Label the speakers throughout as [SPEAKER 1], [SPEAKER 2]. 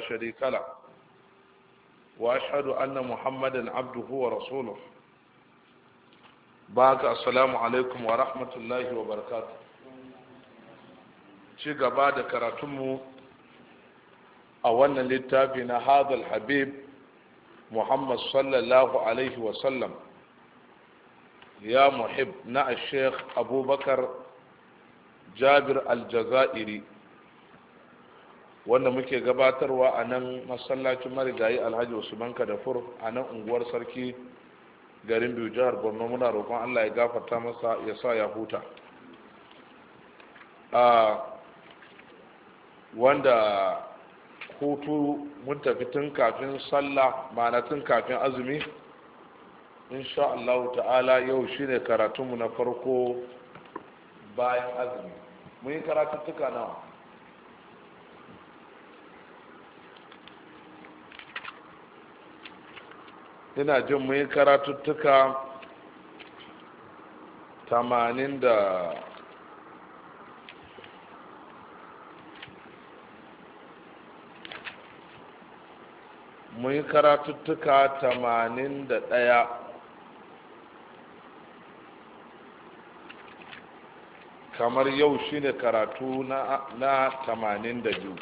[SPEAKER 1] شريك له واشهد ان محمدا عبده ورسوله باك السلام عليكم ورحمه الله وبركاته شي غبا ده كراتمو a wannan littafi na hadal habib muhammad ya muhib na a abubakar jabir al-jazairi wanda muke gabatarwa a nan masallacin marigayi alhaji usman kadafur a nan unguwar sarki garin biyu jihar borno muna roƙon allah ya gafarta masa ya sa ya huta wanda hutu mun tafi tun kafin sallah ma'ana tun kafin azumi insha allahu ta'ala yau shine karatunmu na farko bayan azumi mun yi karatuttuka nawa ina jin mun yi karatuttuka tamanin da mun yi karatuttuka tamanin da ɗaya kamar yau shi ne karatu na tamanin da biyu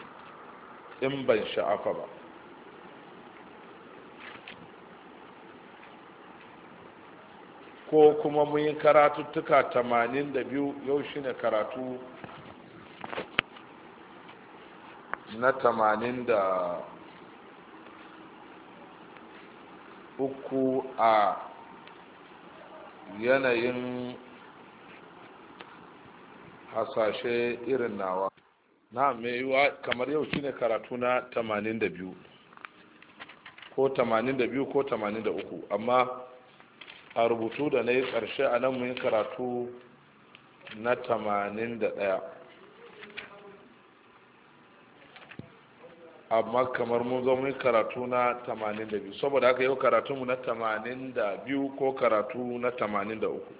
[SPEAKER 1] in ban sha'afa ba ko kuma mun yi karatuttuka 82 yau shi ne karatu na 83 a yanayin hasashe irin nawa na yiwa kamar yau shine karatu na 82 ko 82 ko 83 amma a rubutu da na yi ƙarshe a nan mun karatu na tamanin da ɗaya amma kamar mun zo mun karatu na tamanin da biyu saboda haka yau karatunmu na tamanin da biyu ko karatu na tamanin da uku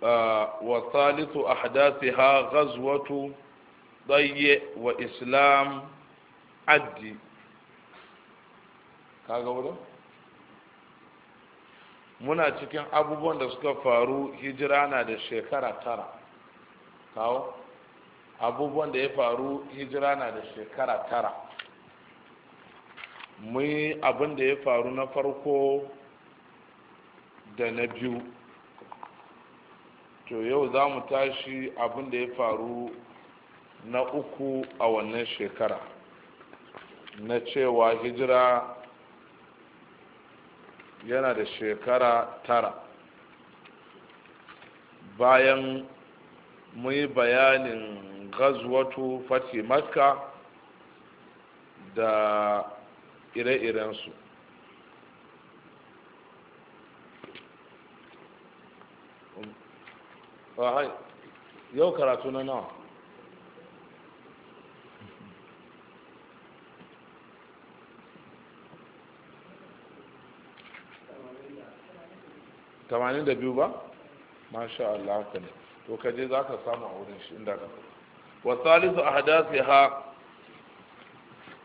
[SPEAKER 1] wa salisu ha ghazwatu dayye wa islam addi kaga wurin muna cikin abubuwan da suka faru hijira na da shekara tara kawo abubuwan da ya faru hijira na da shekara tara mai abin da ya faru na farko da na biyu to yau za mu tashi abin da ya faru na uku a wannan shekara na cewa hijira yana da shekara tara bayan muyi bayanin gazuwatu fati makka da ire-irensu yau karatu na nawa 82 ba masha Allah haka ne to ka je za ka samu a wurin shi inda ka wa salisu a hadasi ha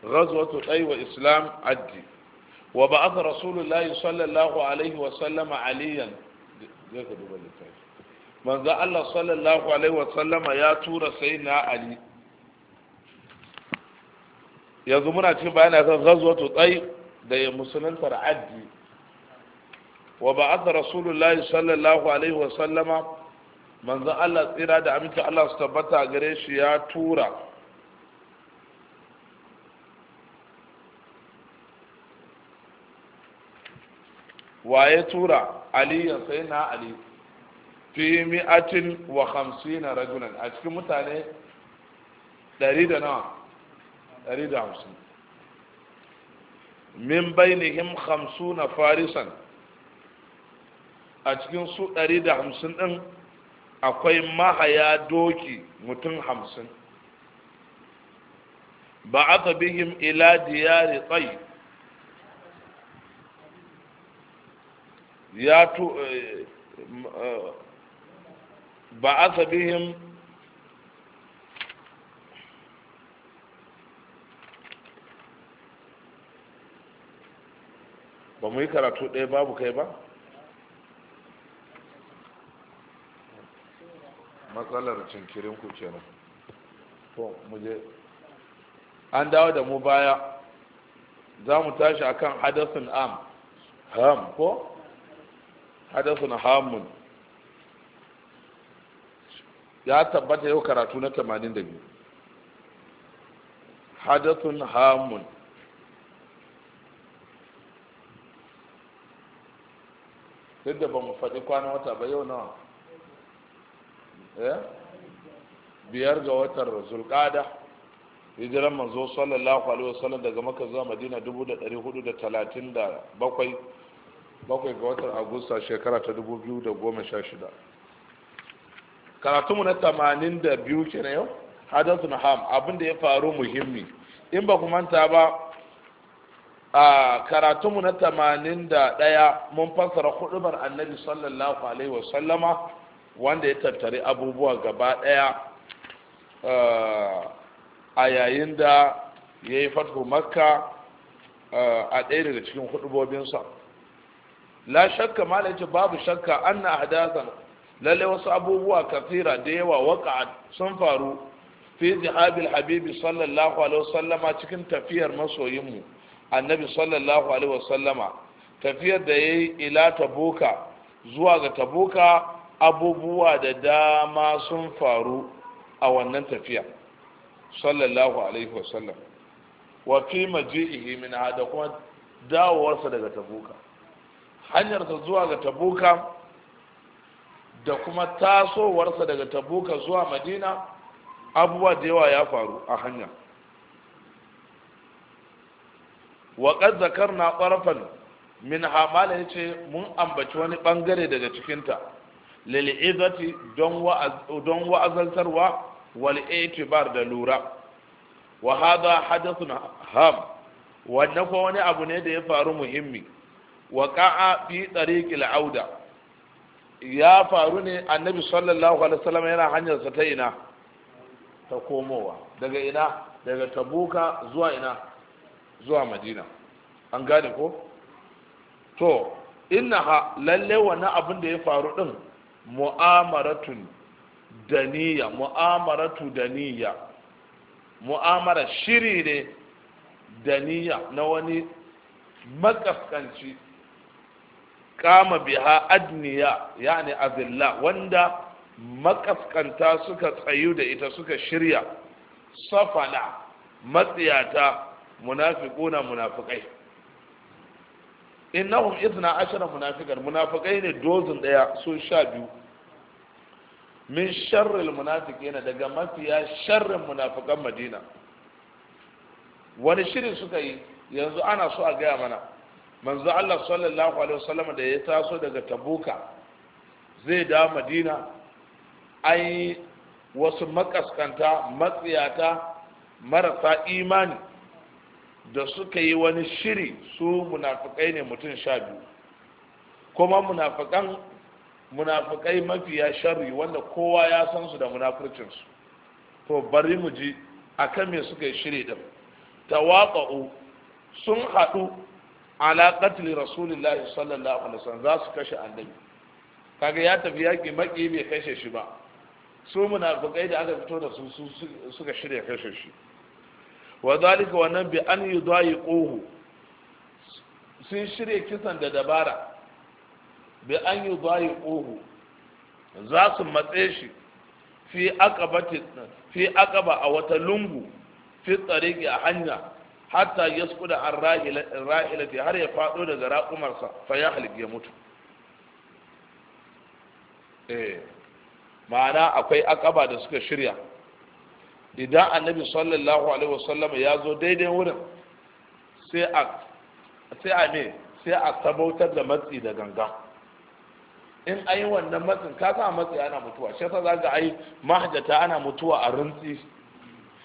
[SPEAKER 1] ghazwatu tsayi wa islam addi wa ba aka rasulullahi sallallahu alaihi wa sallama aliyan zai ka duba littafi manzo Allah sallallahu alaihi wa sallama ya tura sai ali yanzu muna cikin bayani akan ghazwatu tsayi da musulunta addi wa ba'ath rasulullahi sallallahu alaihi wa sallama manzon Allah tsira da aminci Allah su tabbata gare shi ya tura waye tura aliyan sai na ali fi mi'atin wa hamsina rajulan a cikin mutane ɗari da nawa ɗari da hamsin farisan a cikin su 150 din akwai mahaya doki mutum 50 ba'atha bihim ila diyari tsayi ya tu ba eh, eh, ba'atha bihim ba mu yi karatu ɗaya babu kai ba matsalar cinkirin ku kenan to mu je an dawo da mu baya za mu tashi akan hadasin am ham ko hadasin hamun ya tabbata yau karatu na 82 hadasin hamun duk da ba mu faɗi kwanan wata ba yau nawa Eh? biyar ga watan zulqada hijiran manzo sallallahu alaihi wasallam daga makka zuwa madina 1437 bakwai ga watan agusta shekara ta 2016 karatunmu na 82 na yau hadathun ham abin da ya faru muhimmi in ba ku manta ba a karatunmu na tamanin da mun fassara hudubar annabi sallallahu alaihi wasallama wanda ya tattari abubuwa gaba daya eh, a yayin da ya yi fatu makka eh, a ɗaya daga cikin hudubobinsa la shakka malai babu shakka an na hadasan lalle wasu abubuwa kafira da yawa waka sun faru fi zihabil habibi sallallahu alaihi wasallama cikin tafiyar masoyinmu annabi sallallahu alaihi wasallama tafiyar da ya yi ila tabuka zuwa ga tabuka abubuwa da dama sun faru a wannan tafiya sallallahu alaihi wasallam wa fi maji'ihi min hada kuma dawowarsa daga tabuka hanyarsa zuwa ga tabuka da kuma tasowarsa daga tabuka zuwa madina abubuwa da yawa ya faru a hanya waƙar zakar na ƙwarfan min hamala ya ce mun ambaci wani ɓangare daga cikinta lil'izati don wa'azantarwa wal itibar da lura wa hada hadathuna ham wannan ko wani abu ne da ya faru muhimmi wa qa'a fi tariqil auda ya faru ne annabi sallallahu alaihi wasallam yana hanyar sa ta ina ta komowa daga ina daga tabuka zuwa ina zuwa madina an gane ko to innaha lalle wani abin da ya faru din mu'amaratun daniya mu'amaratu daniya mu'amara shiri ne daniya na wani makaskanci kama biha adniya yani azilla wanda makaskanta suka tsayu da ita suka shirya safala matsiyata munafiquna munafiqai innahum ithna ashara munafiqan munafiqai ne dozin daya sun sha biyu min sharril munafiqin daga mafiya sharrin munafikan madina wani shirin suka yi yanzu ana so a gaya mana manzo Allah sallallahu alaihi wasallam da ya taso daga tabuka zai da madina ai wasu makaskanta matsiyata marasa imani da suka yi wani shiri su munafukai ne mutum sha biyu kuma munafikan Munafukai mafiya sharri wanda kowa ya san su da munafurcinsu to bari mu ji kan me suka yi shiri din tawaqa'u sun haɗu ala qatl rasulillahi sallallahu alaihi wasallam za su kashe annabi kaga ya tafi yaki maki bai kashe shi ba su munafukai da aka fito da su suka shirya kashe shi wa zalika wannan bi an yudayiquhu sun shirya kisan da dabara bi an yi bayi ohu za su matse shi fi akaba a wata lungu fi tsari a hanya hatta ya skuda an rahilati har ya faɗo daga raƙumarsa fa ya halif ya mutu eh, ma'ana akwai akaba da suka shirya idan annabi sallallahu alaihi wasallam ya zo daidai wurin sai a sai a ne sai a sabautar da matsi da gangan. in ai wannan matsin ka sa matsi ana mutuwa shi yasa zaka ai mahajjata ana mutuwa a rintsi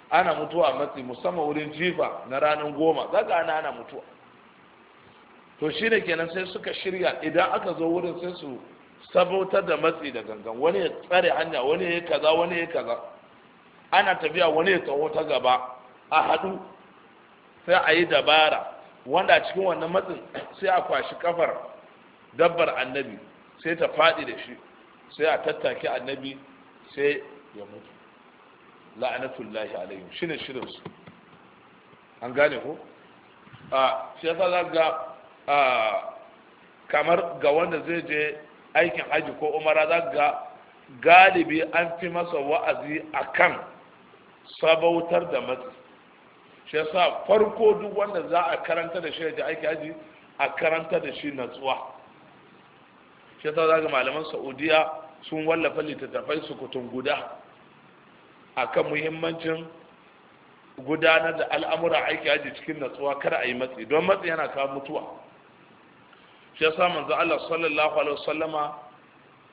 [SPEAKER 1] ana mutuwa a matsi musamman wurin jifa na ranar goma zaka ana ana mutuwa to shi ne kenan sai suka shirya idan aka zo wurin sai su sabautar da matsi da gangan wani ya tsare hanya wani ya kaza wani ya kaza ana tafiya wani ya tsawo ta gaba a haɗu sai a yi dabara wanda a cikin wannan matsin sai a kwashi kafar dabbar annabi sai ta faɗi da shi sai a tattake annabi sai ya mutu la'anatullahi alaihim shi ne su an gane ko a shi yasa za ga kamar ga wanda zai je aikin haji ko umara za ga galibi an fi masa wa'azi a kan sabautar da matsi shi yasa farko duk wanda za a karanta da shi ya je aikin haji a karanta da shi natsuwa shi yasa ga malaman saudiya sun wallafa littattafai su kutun guda a kan muhimmancin gudanar da al'amuran aiki aji cikin natsuwa kar a yi matsi don matsi yana kawo mutuwa shi yasa manzo Allah sallallahu alaihi wasallama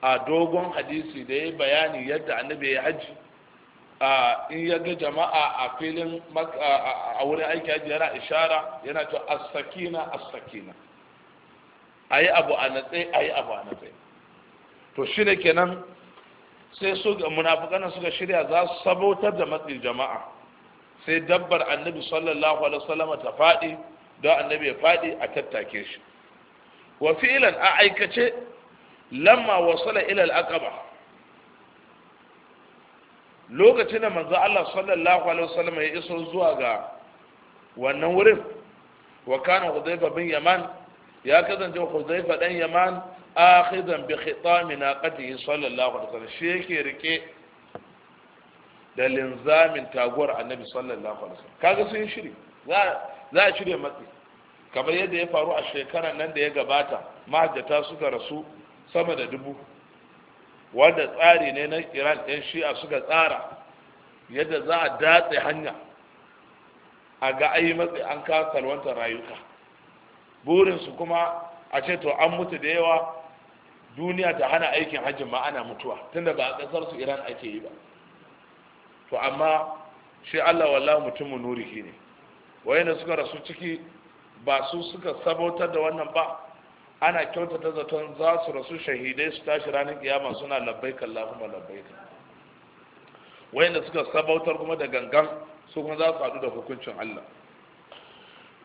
[SPEAKER 1] a dogon hadisi da ya bayani yadda annabi ya haji in ya ga jama'a a filin a wurin aiki haji yana ishara yana cewa as-sakina as-sakina a yi abu a natse a yi abu a natse to shi ne kenan sai su munafukan suka shirya za su sabotar da matsin jama'a sai dabbar annabi sallallahu alaihi wasallam ta faɗi da annabi ya faɗi a tattake shi wa fi'lan a aikace lamma wasala ila al-aqaba lokacin da manzo Allah sallallahu alaihi wasallam ya iso zuwa ga wannan wurin wa kana Hudayfa bin Yaman ya kasance huzaifa dan yaman akhidan bi khitami naqatihi sallallahu alaihi wasallam shi yake rike da linzamin taguwar annabi sallallahu alaihi wasallam kaga sun shiri za a shirya matsi kamar yadda ya faru a shekarar nan da ya gabata mahajjata suka rasu sama da dubu wanda tsari ne na iran ɗin shi'a suka tsara yadda za a datse hanya a ga ayi matsi an kawo salwantar rayuka burinsu kuma a ce to an mutu da yawa duniya ta hana aikin hajji ma ana mutuwa tunda ba a kasar su iran ake yi ba to amma shi allah wallahu mutumin nurihi ne wayanda suka rasu ciki ba su suka sabotar da wannan ba ana kyautata zaton za su rasu shahidai su tashi ranar kiyama suna labbaika allahumma labbaika wayanda suka sabautar kuma da gangan su kuma za su haɗu da hukuncin allah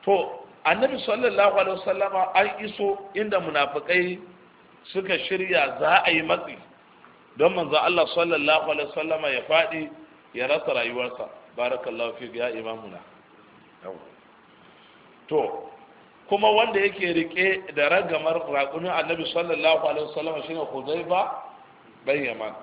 [SPEAKER 1] to annabi sallallahu alaihi wasallama an iso inda munafikai suka shirya za a yi matsi don manzo Allah sallallahu alaihi wasallama ya fadi ya rasa rayuwarsa barakallahu fi ya imamuna to kuma wanda yake rike da ragamar raƙumin annabi sallallahu alaihi wasallama shine Huzaifa bin Yaman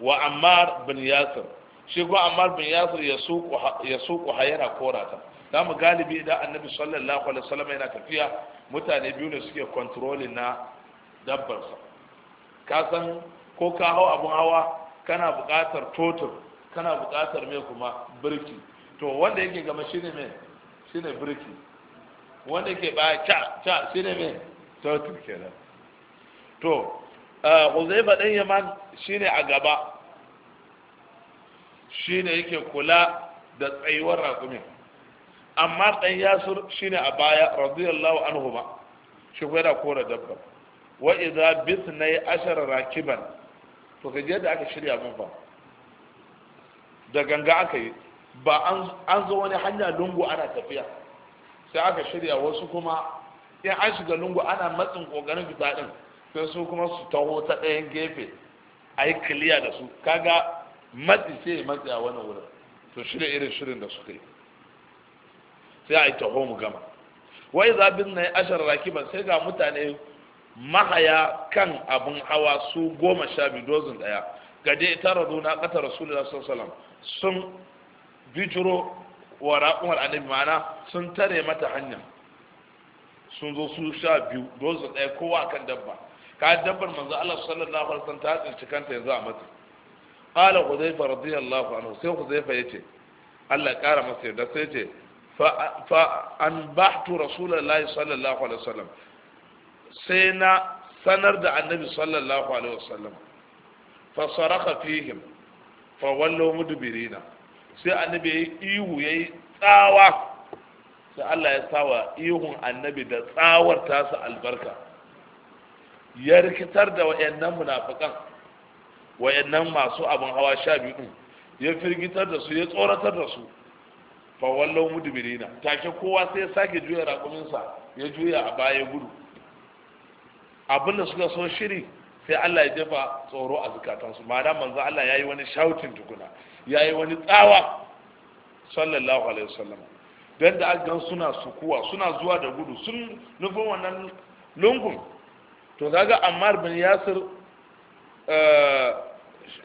[SPEAKER 1] wa Ammar bin Yasir shi ko Ammar bin Yasir ya suku ya suku hayara korata za mu galibi idan annabi sallallahu alaihi wasallam yana tafiya mutane biyu ne suke controlling na dabbarsa ka san ko ka hau abun hawa kana buƙatar totur kana buƙatar mai kuma birki to wanda yake gama shine mai shine birki wanda yake baya ca ca shine mai totur kenan to eh, uzayba ɗan Yaman shine a gaba shine yake kula da tsayuwar raƙumin amma dan yasur shine a baya radiyallahu anhu ba shi ko da kora dabba wa idza bithnai ashara rakiban to kaje da aka shirya mun fa da ganga aka yi ba an zo wani hanya lungu ana tafiya sai aka shirya wasu kuma in an shiga lungu ana matsin kokarin fita din sai su kuma su taho ta ɗayan gefe a yi kiliya da su kaga matsi sai matsi a wani wurin to shirya irin shirin da suka yi sai a yi taho mu gama wai zabin na ashar rakiban sai ga mutane mahaya kan abin hawa su goma sha biyu dozin daya dai ta radu na kata rasulullah sallallahu sun bijiro wa raƙumar annabi ma'ana sun tare mata hanya sun zo su sha biyu dozin daya kowa kan dabba ka dabbar manzo Allah sallallahu alaihi wasallam ta tsinci kanta yanzu a mata qala hudayfa radiyallahu anhu sai hudayfa yace Allah ya kara masa yarda sai yace fa an bahtu rasulullahi sallallahu alaihi wasallam sai na sanar da annabi sallallahu alaihi wasallam fa saraka fihim fa wallo mudbirina sai annabi yayi ihu yayi tsawa sai Allah ya sawa ihun annabi da tsawar tasa albarka ya rikitar da wayannan munafikan wayannan masu abin hawa sha biyu ya firgitar da su ya tsoratar da su fa wallau mudbirina take kowa sai ya sake juya rakuminsa ya juya a baya gudu abinda suka so shiri sai Allah ya jefa tsoro a zukatansu ma'ana manzo Allah yayi wani shouting tukuna yayi wani tsawa sallallahu alaihi wasallam dan da aka suna sukuwa suna zuwa da gudu sun nufin wannan lungun to kaga Ammar bin Yasir eh,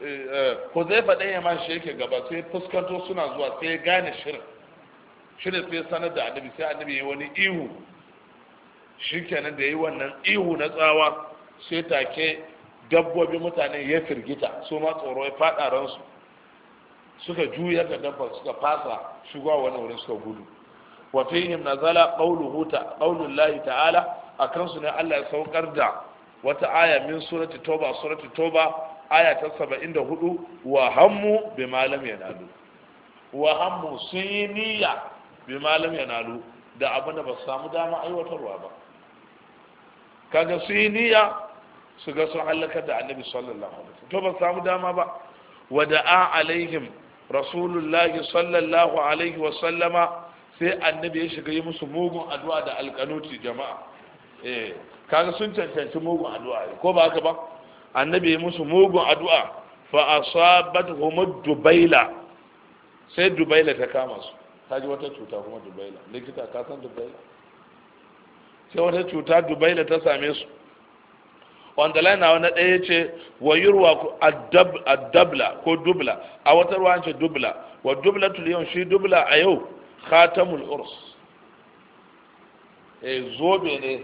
[SPEAKER 1] eh, Huzaifa ɗaya ma shi yake gaba sai fuskanto suna zuwa sai ya gane shirin shi ne sai sanar da annabi sai annabi ya wani ihu shi kenan da ya yi wannan ihu na tsawa sai take dabbobi mutane ya firgita su ma tsoro ya faɗa ransu suka juya da dabbar suka fasa shigowa wani wurin suka gudu wa fihim nazala qawluhu ta qawlullahi ta'ala akan su ne Allah ya saukar da wata aya min surati toba surati toba aya ta 74 wa hammu bi malam yanalu wa hammu sun yi niyya bi malam ya nalu da abin da ba su samu dama aiwatarwa ba kaga su yi niyya su ga sun halakar da annabi sallallahu alaihi wasallam to ba su samu dama ba wa da'a alaihim rasulullahi sallallahu alaihi wasallama sai annabi ya shiga yi musu mugun addu'a da alkanuti jama'a eh kaga sun cancanci mugun addu'a ko ba haka ba annabi ya musu mugun addu'a fa asabat humud dubaila sai dubaila ta kama su ta ji wata cuta kuma dubaila likita ka san dubaila sai wata cuta dubaila ta same su wanda lai na wani ɗaya ce wa yurwa dabla ko dubla a wata ruwa ce dubla wa dubla tuliyon shi dubla a yau khatamul urs eh zobe ne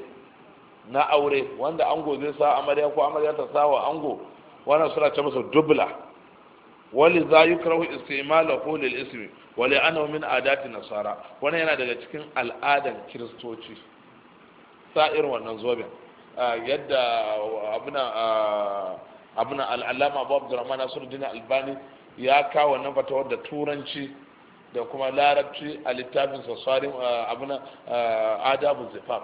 [SPEAKER 1] na aure wanda ango zai sa amarya ko amarya ta sa wa ango wannan suna ce masa dubla wali za yi yukrahu istimalahu lil ismi wale ana min adati nasara wani yana daga cikin al'adan kiristoci sa irin wannan zobin yadda abuna abuna abu abdurrahman Dina albani ya kawo wannan fata da turanci da kuma larabci a littafin sassarin abuna adabu Zifar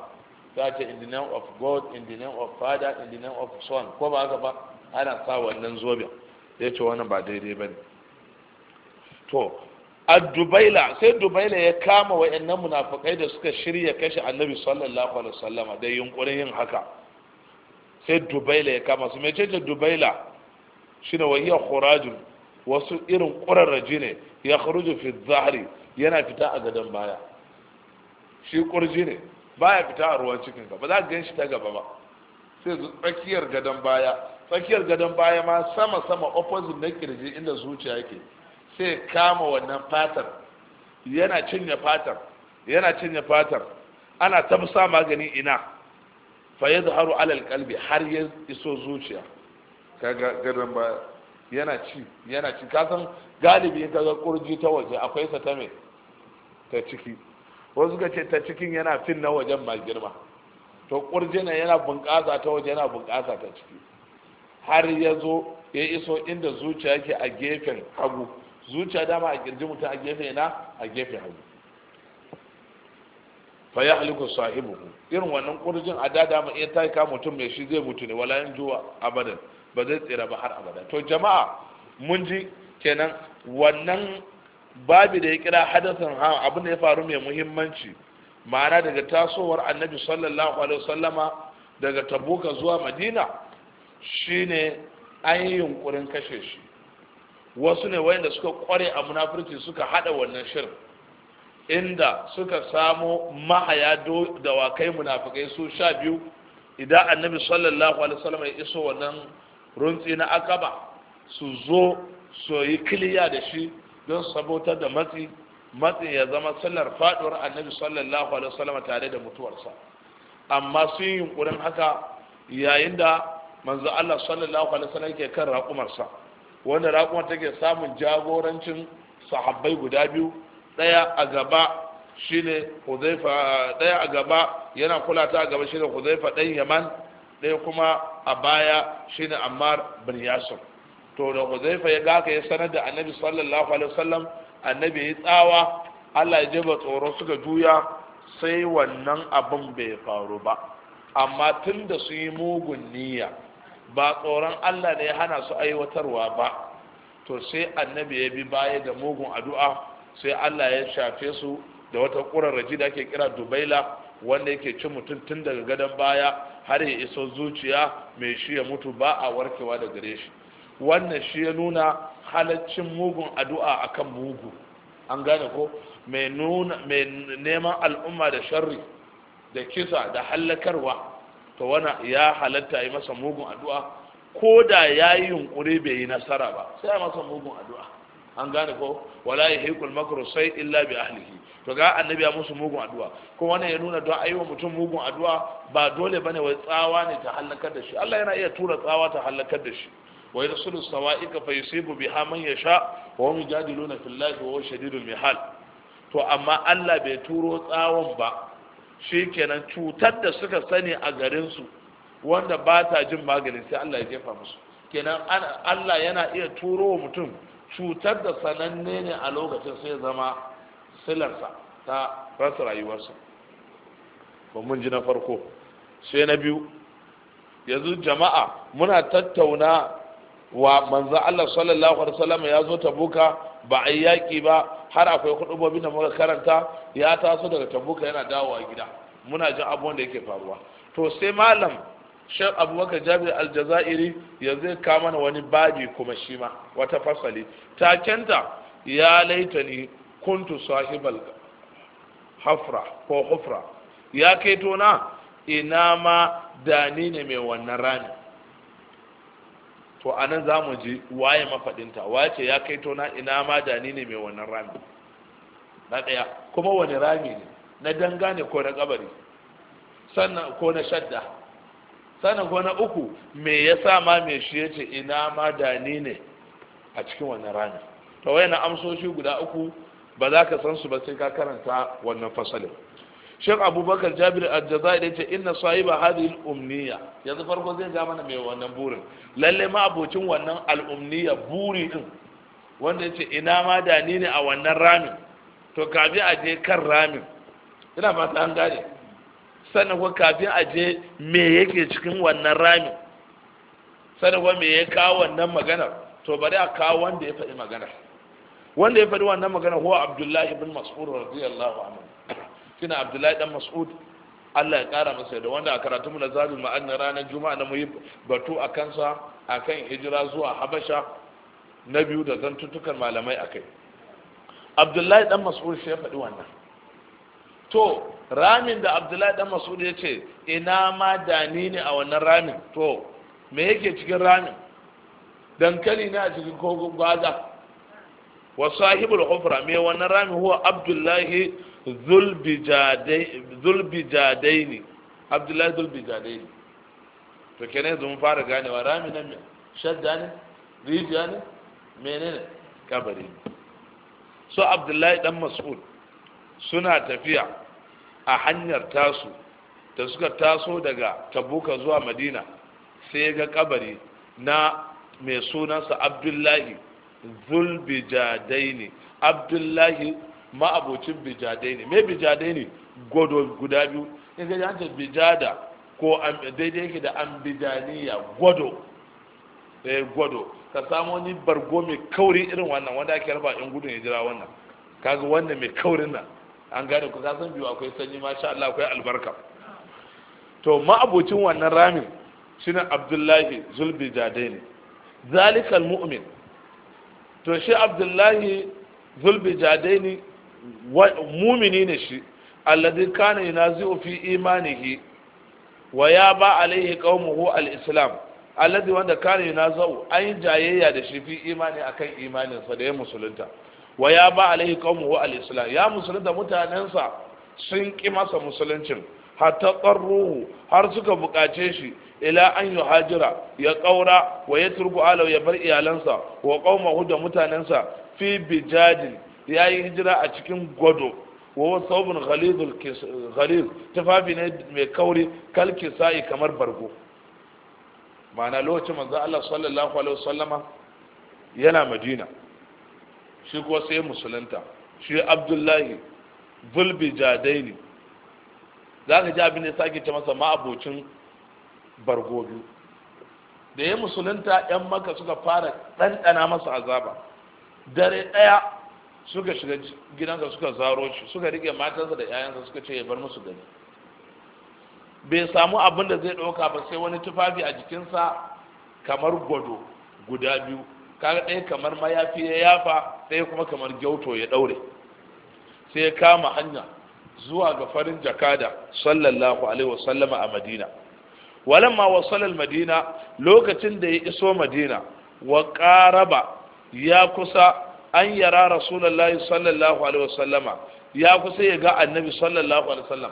[SPEAKER 1] ta ce in the name of god in the name of father in the name of son ko ba haka ba ana sa wannan zobin ya ce wannan ba daidai ba ne addubaila sai dubaila ya kama wayannan munafikai da suka shirya kashe annabi sallallahu alaihi wasallama da yunkurin yin haka sai dubaila ya kama su mece ce dubaila shine ne wahiyar khurajun wasu irin kurarraji ne ya kharuju fi zahari yana fita a gadon baya shi kurji ne baya fita a ruwan cikin ba za ka gan shi ta gaba ba sai tsakiyar gadon baya tsakiyar gadon baya ma sama sama opposite na kirji inda zuciya yake sai kama wannan fatar yana cinye fatar yana cinye fatar ana ta sa magani ina fa ya zaharu alal kalbi har ya iso zuciya kaga gadon ba yana ci yana ci kasan galibi in kaga kurji ta waje akwai sa ta me ta ciki wasu suka ce ta cikin yana fin na wajen ma girma to na yana bunƙasa ta waje yana bunƙasa ta ciki har ya zo ya iso inda zuciya ke a gefen hagu zuciya dama a kirji mutum a gefe na a gefe hagu fa ya halikun sahibu irin wannan kurjin a dada ma iya taika mutum mai shi zai mutu ne wala yin juwa abadan ba zai tsira ba har abada to jama'a mun ji kenan wannan babi da ya kira hadasan ha abin da ya faru mai muhimmanci ma'ana daga tasowar annabi sallallahu alaihi wasallama daga tabuka zuwa madina shine an yi yunkurin kashe shi wasu ne wayanda suka kware a munafurci suka hada wannan shirin inda suka samo mahaya kai munafikai su sha biyu idan annabi sallallahu alaihi wasallam ya iso wannan runtsi na akaba su zo su yi kiliya da shi don sabotar da matsi matsin ya zama sallar faduwar annabi sallallahu alaihi wasallam tare da mutuwarsa amma sun yi yunkurin haka yayin da manzo Allah sallallahu alaihi wasallam ke kan raƙumarsa wanda raƙuma take samun jagorancin sahabbai guda biyu ɗaya a gaba shine huzaifa ɗaya a gaba yana kula ta a gaba shine huzaifa ɗan yaman ɗaya kuma a baya shine ammar bin yasir to da huzaifa ya gaka ya sanar da annabi sallallahu alaihi wasallam annabi ya tsawa Allah ya jeba tsoro suka juya sai wannan abin bai faru ba amma tun da su yi mugun niyya ba tsoron Allah ne ya hana su aiwatarwa ba to sai annabi ya bi baya da mugun addu'a sai Allah ya shafe su da wata ƙurarraji da ake kira dubaila wanda yake cin mutum tun daga gadon baya har ya iso zuciya mai shi ya mutu ba a warkewa da gare shi wannan shi ya nuna halaccin mugun addu'a akan mugu an gane ko mai neman al'umma da sharri da kisa da hallakarwa to wana ya halatta yi masa mugun addu'a ko da ya yi yunkuri bai yi nasara ba sai a masa mugun addu'a an gane ko wala ya haikul makaru sai illa bi ahlihi to ga annabi ya musu mugun addu'a ko wani ya nuna don ayyuka mutum mugun addu'a ba dole bane wai tsawa ne ta halakar da shi Allah yana iya tura tsawa ta halakar da shi wa yursilu sawa'ika fa yusibu biha man yasha wa hum yujadiluna fillahi wa huwa shadidul mihal to amma Allah bai turo tsawon ba shi kenan cutar da suka sani a garinsu wanda ba ta jin magani sai Allah ya jefa musu kenan Allah yana iya turo wa mutum cutar da sananne ne a lokacin sai zama silarsa ta rasa rayuwarsa ba mun ji na farko sai na biyu yanzu jama'a muna tattauna wa manzo Allah sallallahu alaihi wasallam ya zo tabuka ba a yi yaƙi ba har akwai hudubobi da muka karanta ya taso daga tabuka yana dawowa gida muna jin abubuwan da yake faruwa to sai malam shek abubakar jabir aljazairi yanzu ka mana wani babi kuma shi ma wata fasali takenta ya laita ni kuntu sahibal hafra ko hufra ya kai tona ina ma da ni ne mai wannan rani to anan za mu ji waye mafaɗinta waye ce ya kai tona ina ma da ni ne mai wannan rami na ɗaya kuma wani rami ne na danga ne ko na kabari sannan ko na shadda sannan ko na uku me ya sa ma me shi ya ce ina ma da ni ne a cikin wannan rami to na amsoshi guda uku ba za ka san su ba sai ka karanta wannan fasalin shek abubakar jabir aljazair ya ce inna sahiba hadhihi al-umniya yanzu farko zai ga mana mai wannan burin lalle ma abocin wannan al-umniya buri din wanda yace ina ma da ni ne a wannan ramin to kafin a je kan ramin ina fata an gane sannan ko kafin a je me yake cikin wannan ramin sannan ko me ya kawo wannan maganar to bari a kawo wanda ya faɗi maganar wanda ya faɗi wannan maganar ko abdullahi ibn mas'ud radiyallahu anhu shine abdullahi dan mas'ud Allah ya kara masa da wanda a karatu mu na zabi an ranar juma'a na muyi batu a kansa akan hijira zuwa habasha na biyu da zantutukan malamai akai abdullahi dan mas'ud shi ya faɗi wannan to ramin da abdullahi dan mas'ud ya ce ina ma dani ne a wannan ramin to me yake cikin ramin dankali ne a cikin kogon gwaza wa sahibul hufra me wannan ramin huwa abdullahi zulbijadaini abdullahi zulbijadaini to kenan yanzu mun fara ganewa rami na mai shadda ne rijiya ne menene kabari ne su abdullahi dan mas'ud suna tafiya a hanyar tasu da suka taso daga tabuka zuwa madina sai ga kabari na mai sunansa abdullahi zulbijadaini abdullahi ma'abocin bijadai ne me bijadai ne godo guda biyu in ga yanta bijada ko daidai yake da ambidaniya godo eh godo ka samu wani bargo mai kauri irin wannan wanda ake raba in gudun ya jira wannan kaga wannan mai kaurin nan an gane ku san biyu akwai sanyi masha Allah akwai albarka to ma'abocin wannan ramin shine Abdullahi ne zalikal mu'min to shi Abdullahi ne. mumini ne shi alladhi kana yunazi'u fi imanihi wa ya ba alaihi qaumuhu al-islam alladhi wanda kana zau ai jayayya da shi fi imani akan imaninsa da ya musulunta wa ya ba alaihi qaumuhu al ya musulunta mutanensa sun ki masa musuluncin hatta tsarruhu har suka buƙace shi ila an yi hajira ya ƙaura wa ya turku alau ya bar iyalansa wa ƙaumahu da mutanensa fi bijadin ya yi hijira a cikin gwado wa wasu saubun ghalil tufafi ne mai kauri kal sa'i kamar bargo ma'ana lokacin manzo Allah sallallahu alaihi wasallama yana Madina shi kuwa sai musulunta shi Abdullahi bulbi jadaini za ka ji abin da sake ta masa ma'abocin bargo biyu da ya musulunta 'yan maka suka fara ɗanɗana masa azaba dare ɗaya suka shiga gidansa suka zaro shi suka rike matansa da 'ya'yansa suka ce ya bar musu gani bai samu abin da zai ɗauka ba sai wani tufafi a jikinsa kamar gwado guda biyu kaga ɗaya kamar mayafi ya yafa ɗaya kuma kamar gyauto ya ɗaure sai ya kama hanya zuwa ga farin jakada sallallahu alaihi wasallama a madina walamma wasalal madina lokacin da ya iso madina wa ƙaraba ya kusa an yara rasulullahi sallallahu alaihi wasallama ya kusa ya ga annabi sallallahu alaihi wasallam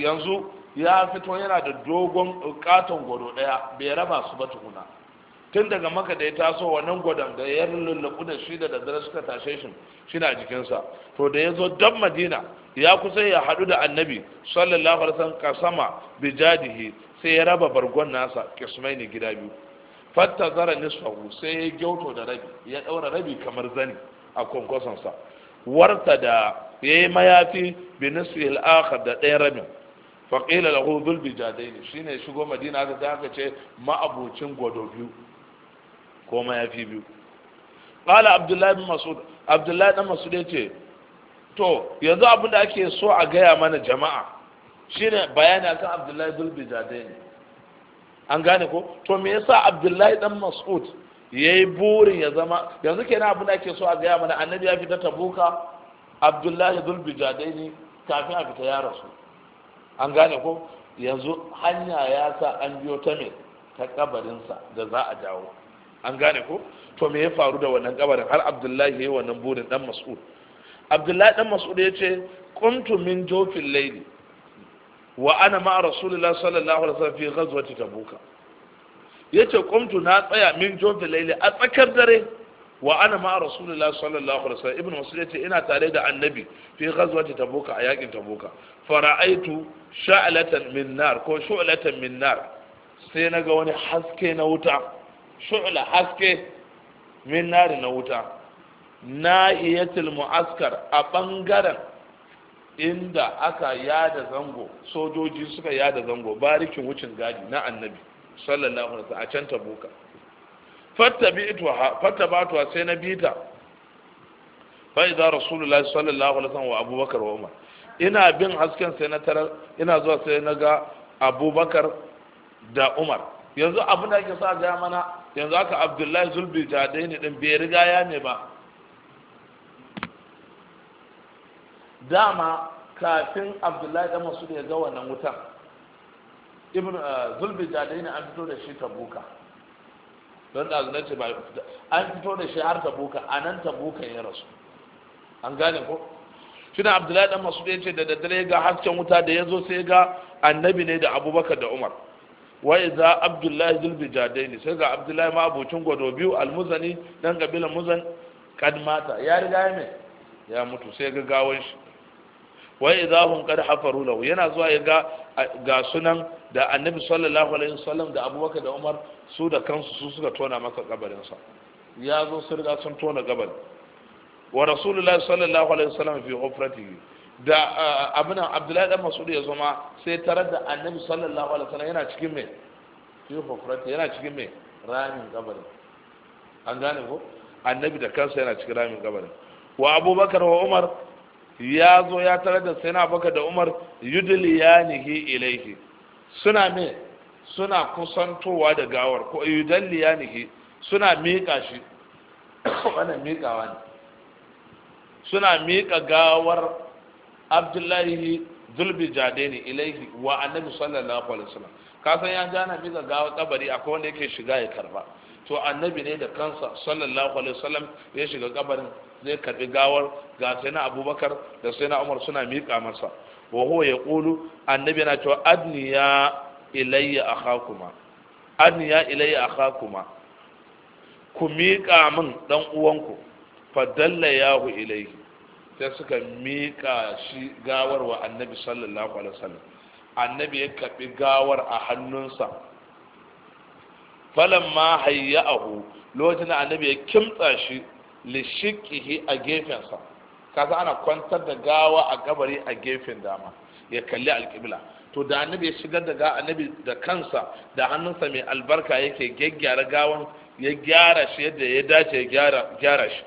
[SPEAKER 1] yanzu ya fito yana da dogon katon gwado daya bai raba su ba tukuna tun daga maka da ya taso wannan gwadon da ya lulluɓu da shi da daddare suka tashe shi shi na jikinsa to da ya zo don madina ya kusa ya haɗu da annabi sallallahu alaihi wasallam kasama bijadihi sai ya raba bargon nasa kismai gida biyu fatta zara nisfahu sai ya gyauto da rabi ya daura rabi kamar zani a kwankwasonsa warta da ya yi mayafi bi nisfi al da ɗayan rabin faƙila lahu ne shi ne shigo madina aka ta aka ce ma'abucin gwado biyu ko mayafi biyu ƙala abdullahi bin mas'ud abdullahi dan mas'ud ce to yanzu abin da ake so a gaya mana jama'a shine bayani akan abdullahi dhul ne. an gane ko to me yasa abdullahi dan mas'ud yayi burin ya zama yanzu kenan abin da ake so a gaya mana annabi ya fita tabuka abdullahi dul bijadaini kafin a fita ya rasu an gane ko yanzu hanya ya sa an biyo ta me ta sa da za a dawo an gane ko to me ya faru da wannan kabarin har abdullahi yayi wannan burin dan mas'ud abdullahi dan mas'ud ya ce kuntu min jofin laili wa ana ma rasulullah sallallahu alaihi wasallam fi ghazwati tabuka yace qumtu na tsaya min jofi laili a tsakar dare wa ana ma rasulullah sallallahu alaihi wasallam ibnu mas'ud yace ina tare da annabi fi ghazwati tabuka a yakin tabuka fara'aitu sha'latan min nar ko shu'latan min nar sai naga wani haske na wuta shu'la haske min nar na wuta nahiyatul mu'askar a bangaren inda aka yada zango sojoji suka yada zango barikin wucin gadi na annabi sallallahu alaihi wasallam a can tabuka fattabatuwa sai na bita fa idza rasulullahi sallallahu alaihi wasallam wa abubakar wa umar ina bin hasken sai na tarar ina zuwa sai na ga abubakar da umar yanzu abin da ake sa ga mana yanzu aka abdullahi zulbi jadaini din bai riga ya ne ba dama kafin abdullahi dan masu ya ga wannan wutan ibn uh, zulbi jadai ne an fito da shi tabuka don da azunan ce ba an fito da shi har tabuka a nan tabuka ya rasu an gane ko shi na abdullahi dan masu ya ce da daddare ga hasken wuta da ya zo sai ga annabi ne da abubakar da umar wa iza abdullahi zulbi jadai ne sai ga abdullahi ma abokin gwado biyu almuzani dan kabilan muzan kad mata ya riga ya mai ya mutu sai ga gawon shi Wai idza kada hafaru lahu yana zuwa ya ga ga sunan da annabi sallallahu alaihi wasallam da abubakar da umar su da kansu su suka tona maka kabarin sa ya zo surga riga sun tona kabarin wa rasulullahi sallallahu alaihi wasallam fi hufratihi da abuna abdullahi dan mas'ud ya zama sai tarar da annabi sallallahu alaihi wasallam yana cikin me fi hufrati yana cikin me ramin kabarin an gane ko annabi da kansa yana cikin ramin kabarin wa abubakar wa umar ya zo ya tarar da sai na baka da umar nihi ilaihi suna me suna kusantowa da gawar ko nihi suna miƙa shi wannan miƙawa ne suna miƙa gawar abdullahi zulbi jadeni ilaihi wa annabi sallallahu alaihi wasallam ka san ya jana miƙa gawar kabari akwai wanda yake shiga ya karba to annabi ne da kansa sallallahu alaihi wasallam ya shiga kabarin zai karbi gawar ga sai na abubakar da sai na umar suna miƙa masa wa huwa ya ƙulu annabi na cewa ya ilayya adni ya ilayya kuma ku miƙa min ɗan uwanku fadalla yahu ilayhi sai suka miƙa shi gawar wa annabi sallallahu alaihi wasallam annabi ya karbi gawar a hannunsa ma falamma hayya'ahu lokacin da annabi ya kimtsa shi lishikihi a gefensa kasa ana kwantar da gawa a kabari a gefen dama ya kalli alƙibla to da annabi ya shigar da annabi da kansa da hannunsa mai albarka yake gyaggyara gawan ya gyara shi yadda ya dace ya gyara shi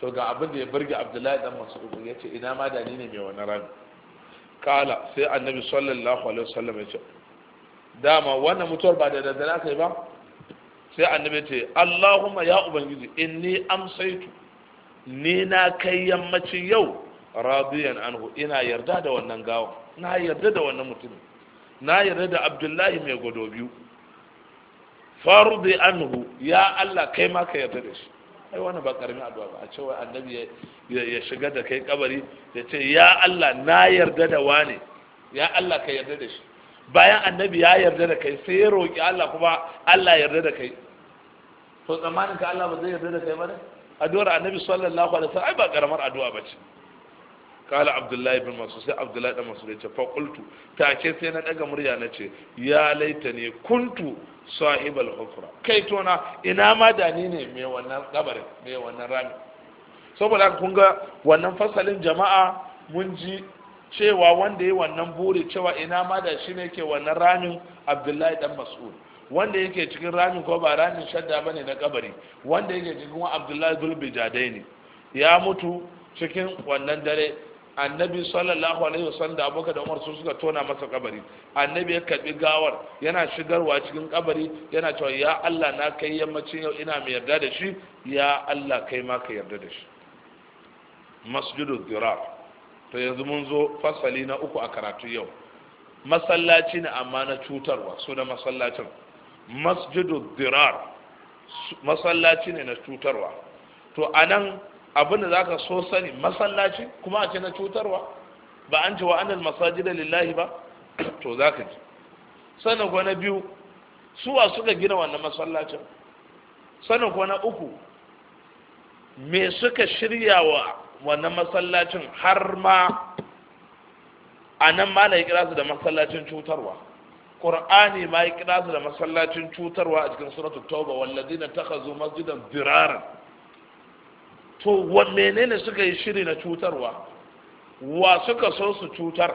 [SPEAKER 1] to ga abin da ya burge abdullahi dan mas'ud ya ce ina ma da ni ne mai wani rami kala sai annabi sallallahu alaihi wasallam ya ce dama wannan mutuwar ba da daddare aka yi ba sai annabi ce Allahumma ya ubangiji inni amsaitu ni na kai yammacin yau radiyan anhu ina yarda da wannan gawa na yarda da wannan mutumin na yarda da Abdullahi mai gado biyu farudi anhu ya Allah kai ma ka yarda da shi ai wani ba karamin addu'a ba a ce wai annabi ya shiga da kai kabari ya ce ya Allah na yarda da wane ya Allah ka yarda da shi bayan annabi ya yarda da kai sai ya roƙi Allah kuma Allah yarda da kai to tsammanin ka Allah ba zai yarda da kai ba ne addu'ar annabi sallallahu alaihi wasallam ai ba karamar addu'a ba ce kala abdullahi bin masu sai abdullahi dan masu ce fa qultu ta ce sai na daga murya na ce ya laita ne kuntu sahibal hufra kai tona ina ma dani ne mai wannan kabarin mai wannan rami saboda kun ga wannan fasalin jama'a mun ji cewa wanda ya wannan buri cewa ina ma da shi ne ke wannan ramin abdullahi dan mas'ud wanda yake cikin ramin ko ba ramin shadda ba ne na kabari wanda yake cikin wa abdullahi jadai ne ya mutu cikin wannan dare annabi sallallahu alaihi wasallam da abokan da umar su suka tona masa kabari annabi ya kabi gawar yana shigarwa cikin kabari yana cewa ya Allah na kai yammacin yau ina mai yarda da shi ya Allah kai ma ka yarda da shi masjidul dirar to yanzu mun zo fasali na uku a karatu yau masallaci ne amma na cutarwa suna masallacin masjidu dirar masallaci ne na cutarwa to a nan abinda za ka so sani masallaci kuma a ce na cutarwa ba an ce wa annal masajida lillahi ba to za ka ji sannan kuwa na biyu suwa suka gina wannan masallacin sannan kuwa na uku me suka shirya wa wannan masallacin har ma a nan ma na ya kira su da masallacin cutarwa ƙur'ani ma ya kira su da masallacin cutarwa a cikin suratu tauba wallazi na taka zo masjidan birara to wa menene suka yi shiri na cutarwa wa suka so su cutar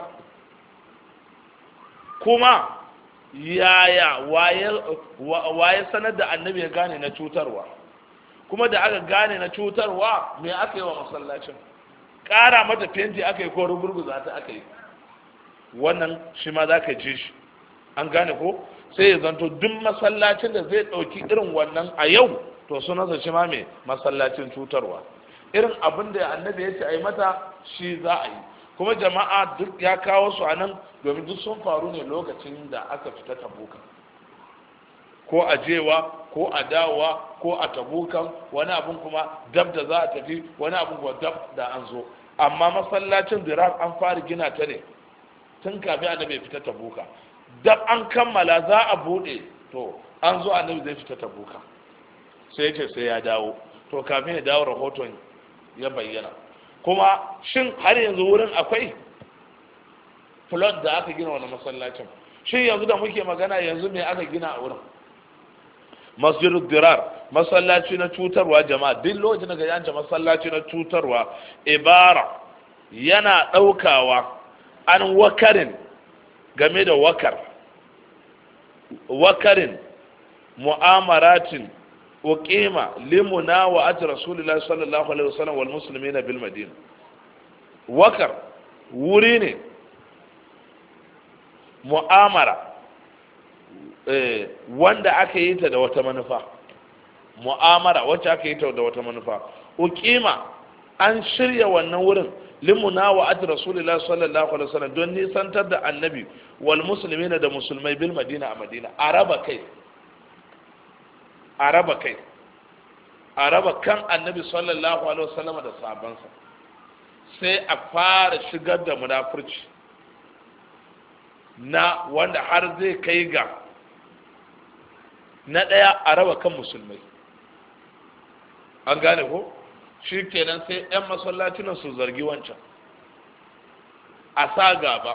[SPEAKER 1] kuma yaya waye sanar da annabi ya gane na cutarwa kuma da aka gane na cutarwa me aka yi wa masallacin ƙara mata fenti aka yi ko rugurguza ta aka yi wannan shi ma za ka ji shi an gane ko sai ya zanto duk masallacin da zai ɗauki irin wannan a yau to sunansa shi ma mai masallacin cutarwa irin abin da annabi ya ce a yi mata shi za a yi kuma jama'a duk ya kawo su a nan domin duk sun faru ne lokacin da aka fita tabuka ko a jewa ko a dawowa ko a tabukan wani abin kuma dab da za a tafi wani abin kuma dab da an zo amma masallacin dirar an fara gina ta ne tun kafi annabi ya fita tabuka dab an kammala za a bude to an zo annabi zai fita tabuka sai ya ce sai ya dawo to kafin ya dawo rahoton ya bayyana kuma shin har yanzu wurin akwai flood da aka gina wani masallacin shin yanzu da muke magana yanzu me aka gina a wurin masjidu dirar masallaci na cutarwa jama'a duk lokacin daga yanci masallaci na cutarwa ibara yana ɗaukawa an wakarin game da wakar wakarin mu'amaratin uqima limuna wa ajr rasulullahi sallallahu alaihi wasallam wal muslimina bil madina wakar wuri ne mu'amara Eh, wanda aka yi ta da wata manufa mu'amara wacce aka yi ta da wata manufa ukima an shirya wannan wurin limuna wa ad rasulillah sallallahu alaihi wasallam don nisantar da annabi wal muslimina da musulmai bil madina a madina araba kai araba kai araba kan annabi sallallahu alaihi wasallam da sabansa sai a fara shigar da munafurci na wanda har zai kai ga na ɗaya a raba kan musulmai an gane ko shi kenan sai 'yan masallacinan su zargi wancan a sa gaba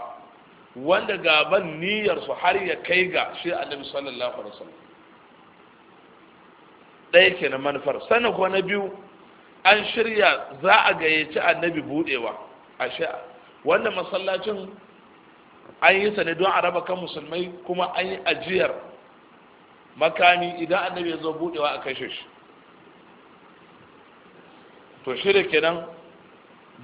[SPEAKER 1] wanda gaban niyyarsu har ya kai ga shi annabi sallallahu alaihi wasallam ɗaya kenan manufar sannan ko na biyu an shirya za a gayyaci annabi budewa a wannan masallacin an yi sa ne don a raba kan musulmai kuma an yi ajiyar makami idan annabi ya zo budewa a kashe shi to shirya kenan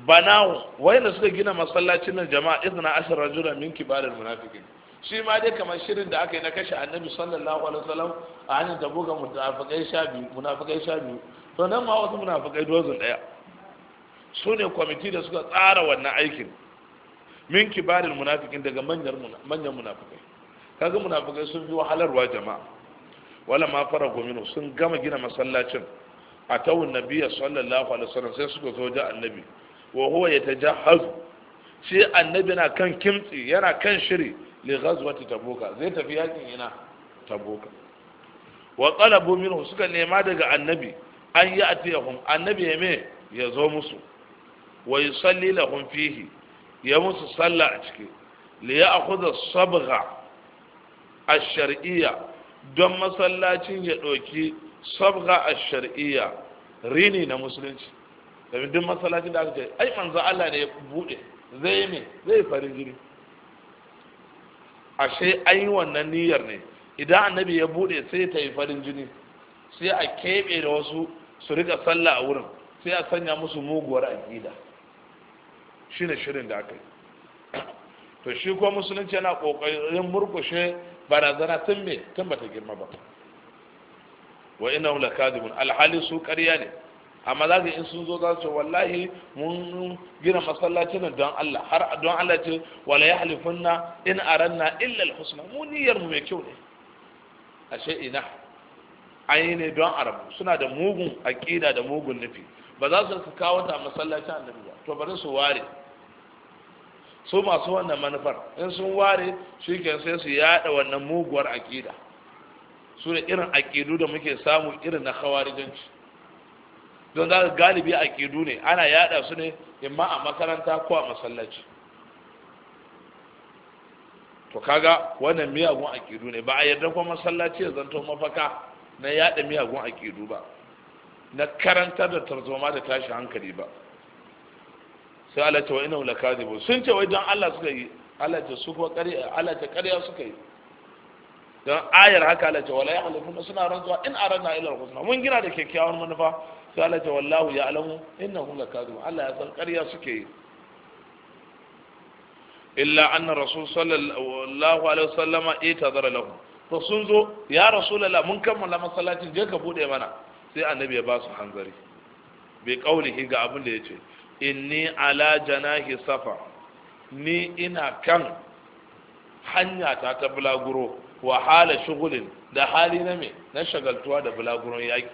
[SPEAKER 1] banawo wayanda suka gina masallacin nan jama'a izna ashar rajula min kibarin munafiqin shi ma dai kamar shirin da aka yi na kashe annabi sallallahu alaihi wasallam a hanyar da buga munafikai sha biyu munafikai sha biyu to nan ma wasu munafikai dozin daya su ne kwamiti da suka tsara wannan aikin min kibarin munafiqin daga manyan munafikai kaga munafikai sun fi wahalarwa jama'a wala ma fara gominu sun gama gina masallacin a tawun nabiya sallallahu alaihi wasallam sai suka zo da annabi wa huwa yatajahhaz shi annabi na kan kimtsi yana kan shiri li ghazwati tabuka zai tafi yakin ina tabuka wa qalabu minhu suka nema daga annabi an yi atiyahum annabi ya me ya zo musu wa yusalli lahum fihi ya musu sallah a ciki li ya'khudha sabgha ash-shar'iyya don masallacin ya ɗauki sabga a shari'iyya rini na musulunci domin duk masallacin da aka ce ai manzo Allah ne ya buɗe zai me zai farin jini ashe ai wannan niyyar ne idan annabi ya buɗe sai ta yi farin jini sai a keɓe da wasu su rika sallah a wurin sai a sanya musu muguwar aƙida shine shirin da aka yi to shi ko musulunci yana ƙoƙarin murkushe barazana tun me tun bata girma ba wa ina la kadibun alhali su karya ne amma za ka in sun zo za su ce wallahi mun gina masallacin nan don Allah har don Allah ce wala halifunna, in aranna illa alhusna mu niyyar mu mai kyau ne ashe ina an yi ne don arabu suna da mugun aƙida da mugun nufi ba za su kawo ta masallacin annabi ba to bari su ware su masu wannan manufar in sun ware shi ke sai su yada wannan muguwar aƙida su da irin aƙidu da muke samu irin na khawarijanci don za ka galibi aƙidu ne ana yada su ne imma a makaranta ko a masallaci to kaga wannan miyagun aƙidu ne ba a yarda kuma masallaci ya zanto mafaka na yada miyagun aƙidu ba na karantar da tarzoma da tashi hankali ba sai Allah ta wa innahu lakadibun sun ce wai don Allah suka yi Allah ta su kuma ƙarya Allah ta ƙarya suka yi don ayar haka Allah ta wala ya'lamun suna rantsuwa in aradna ila al-husna mun gina da kyakkyawar manufa sai Allah ta wallahu ya'lamu innahum lakadibun Allah ya san ƙarya suke yi illa anna rasul sallallahu alaihi wasallam itazara lahum to sun zo ya rasulullah mun kammala masallacin je ka bude mana sai annabi ya ba su hanzari bai kaulihi ga abin da ya ce. inni ala janahi safa ni ina kan hanya ta ta bulaguro wa hala shugulin da hali na me na shagaltuwa da bulaguron yaki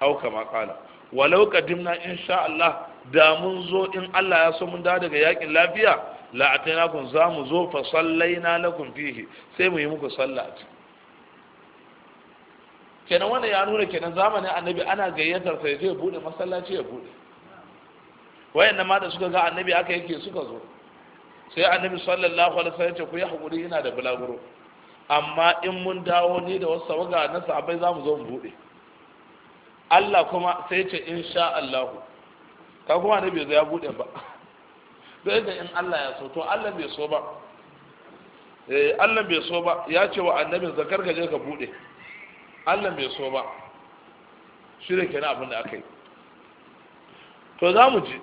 [SPEAKER 1] au kama kala walau kadimna insha Allah da mun zo in Allah ya so mun da daga yakin lafiya la atina kun za mu zo fa sallaina lakum fihi sai mu yi muku sallah kenan wannan ya nuna kenan zamanin annabi ana gayyatar sai zai bude masallaci ya bude Wayan ma da suka ga annabi aka yake suka zo sai annabi sallallahu alaihi wasallam ce ku yi hakuri ina da bulaguro amma in mun dawo ni da wasu tawaga na sahabbai za mu zo mu bude Allah kuma sai ce insha Allah ka kuma annabi ya zo ya bude ba sai da in Allah ya so to Allah bai so ba eh Allah bai so ba ya ce wa annabi zakar ka je ka bude Allah bai so ba shi da kenan abin da aka yi to za mu ji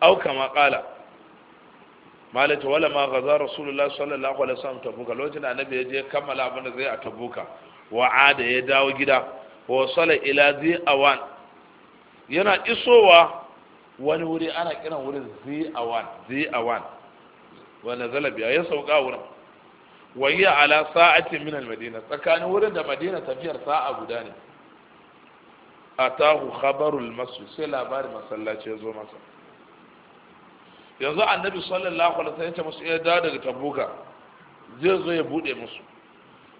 [SPEAKER 1] au kama qala malata wala ma gaza rasulullah sallallahu alaihi wasallam tabuka lokacin annabi ya je kammala abin da zai a tabuka wa ada ya dawo gida wa sala ila zi awan yana isowa wani wuri ana kiran wurin zi awan zi awan wa nazala biya ya sauka wurin wa hiya ala sa'atin min al-madina tsakanin wurin da madina tafiyar sa'a guda ne atahu khabarul masjid sai labarin masallaci ya zo masa yanzu annabi sallallahu alaihi wasallam ya ce musu ya eh, dawo daga tabuka zai zo ya bude musu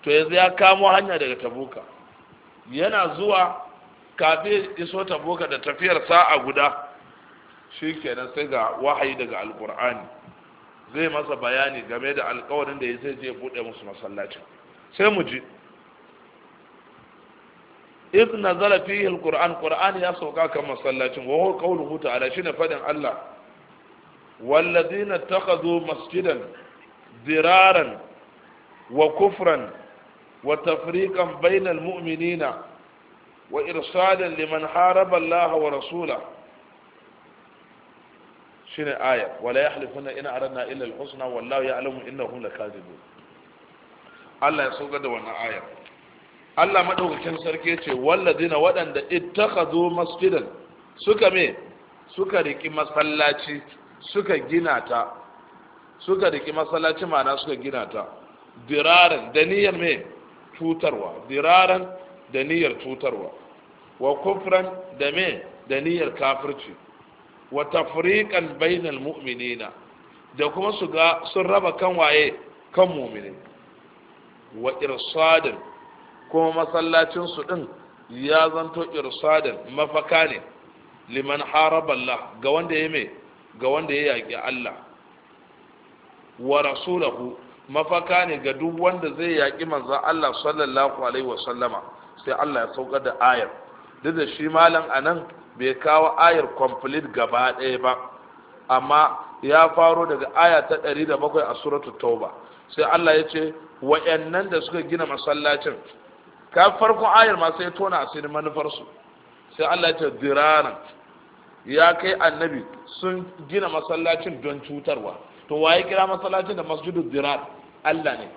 [SPEAKER 1] to yanzu ya kamo hanya daga tabuka yana zuwa kafin iso tabuka da tafiyar sa'a guda shikenan sai ga wahayi daga alqur'ani zai masa bayani game da alkawarin da ya zai je bude musu masallacin sai mu ji idh nazala fihi alquran qur'an ya sauka kan masallacin wa huwa qawluhu ta'ala shine fadin Allah والذين اتخذوا مسجدا ذرارا وكفرا وتفريقا بين المؤمنين وإرصادا لمن حارب الله ورسوله شنو آية ولا يحلفن إن أردنا إلا الحسنى والله يعلم إنهم لكاذبون Allah ya sauka da wannan ayar Allah madaukakin sarki ce walladina waɗanda ittakhadhu masjidan suka me suka riki masallaci suka gina ta suka riki masallaci mana suka gina ta diraran da niyyar mai cutarwa diraran da niyyar cutarwa wa kufran da mai da niyyar kafirci wa tafriqan bainal mu'minina da kuma su ga sun raba kan waye kan mu'mini wa irsadin kuma masallacin su din ya zanto irsadin mafaka ne liman haraballah ga wanda ya mai ga wanda ya yaƙi Allah wa rasulahu mafaka ne ga duk wanda zai yaƙi manzo Allah sallallahu alaihi wa sallama sai Allah ya sauka da ayar duk da shi malam anan bai kawo ayar complete gaba ɗaya ba amma ya faro daga aya ta 107 a suratul tauba sai Allah ya ce wa'annan da suka gina masallacin ka farko ayar ma sai tona asirin manufarsu sai Allah ya ce diraran ya kai annabi sun gina masallacin don cutarwa to waye kira masallacin da masjidu dirar Allah ne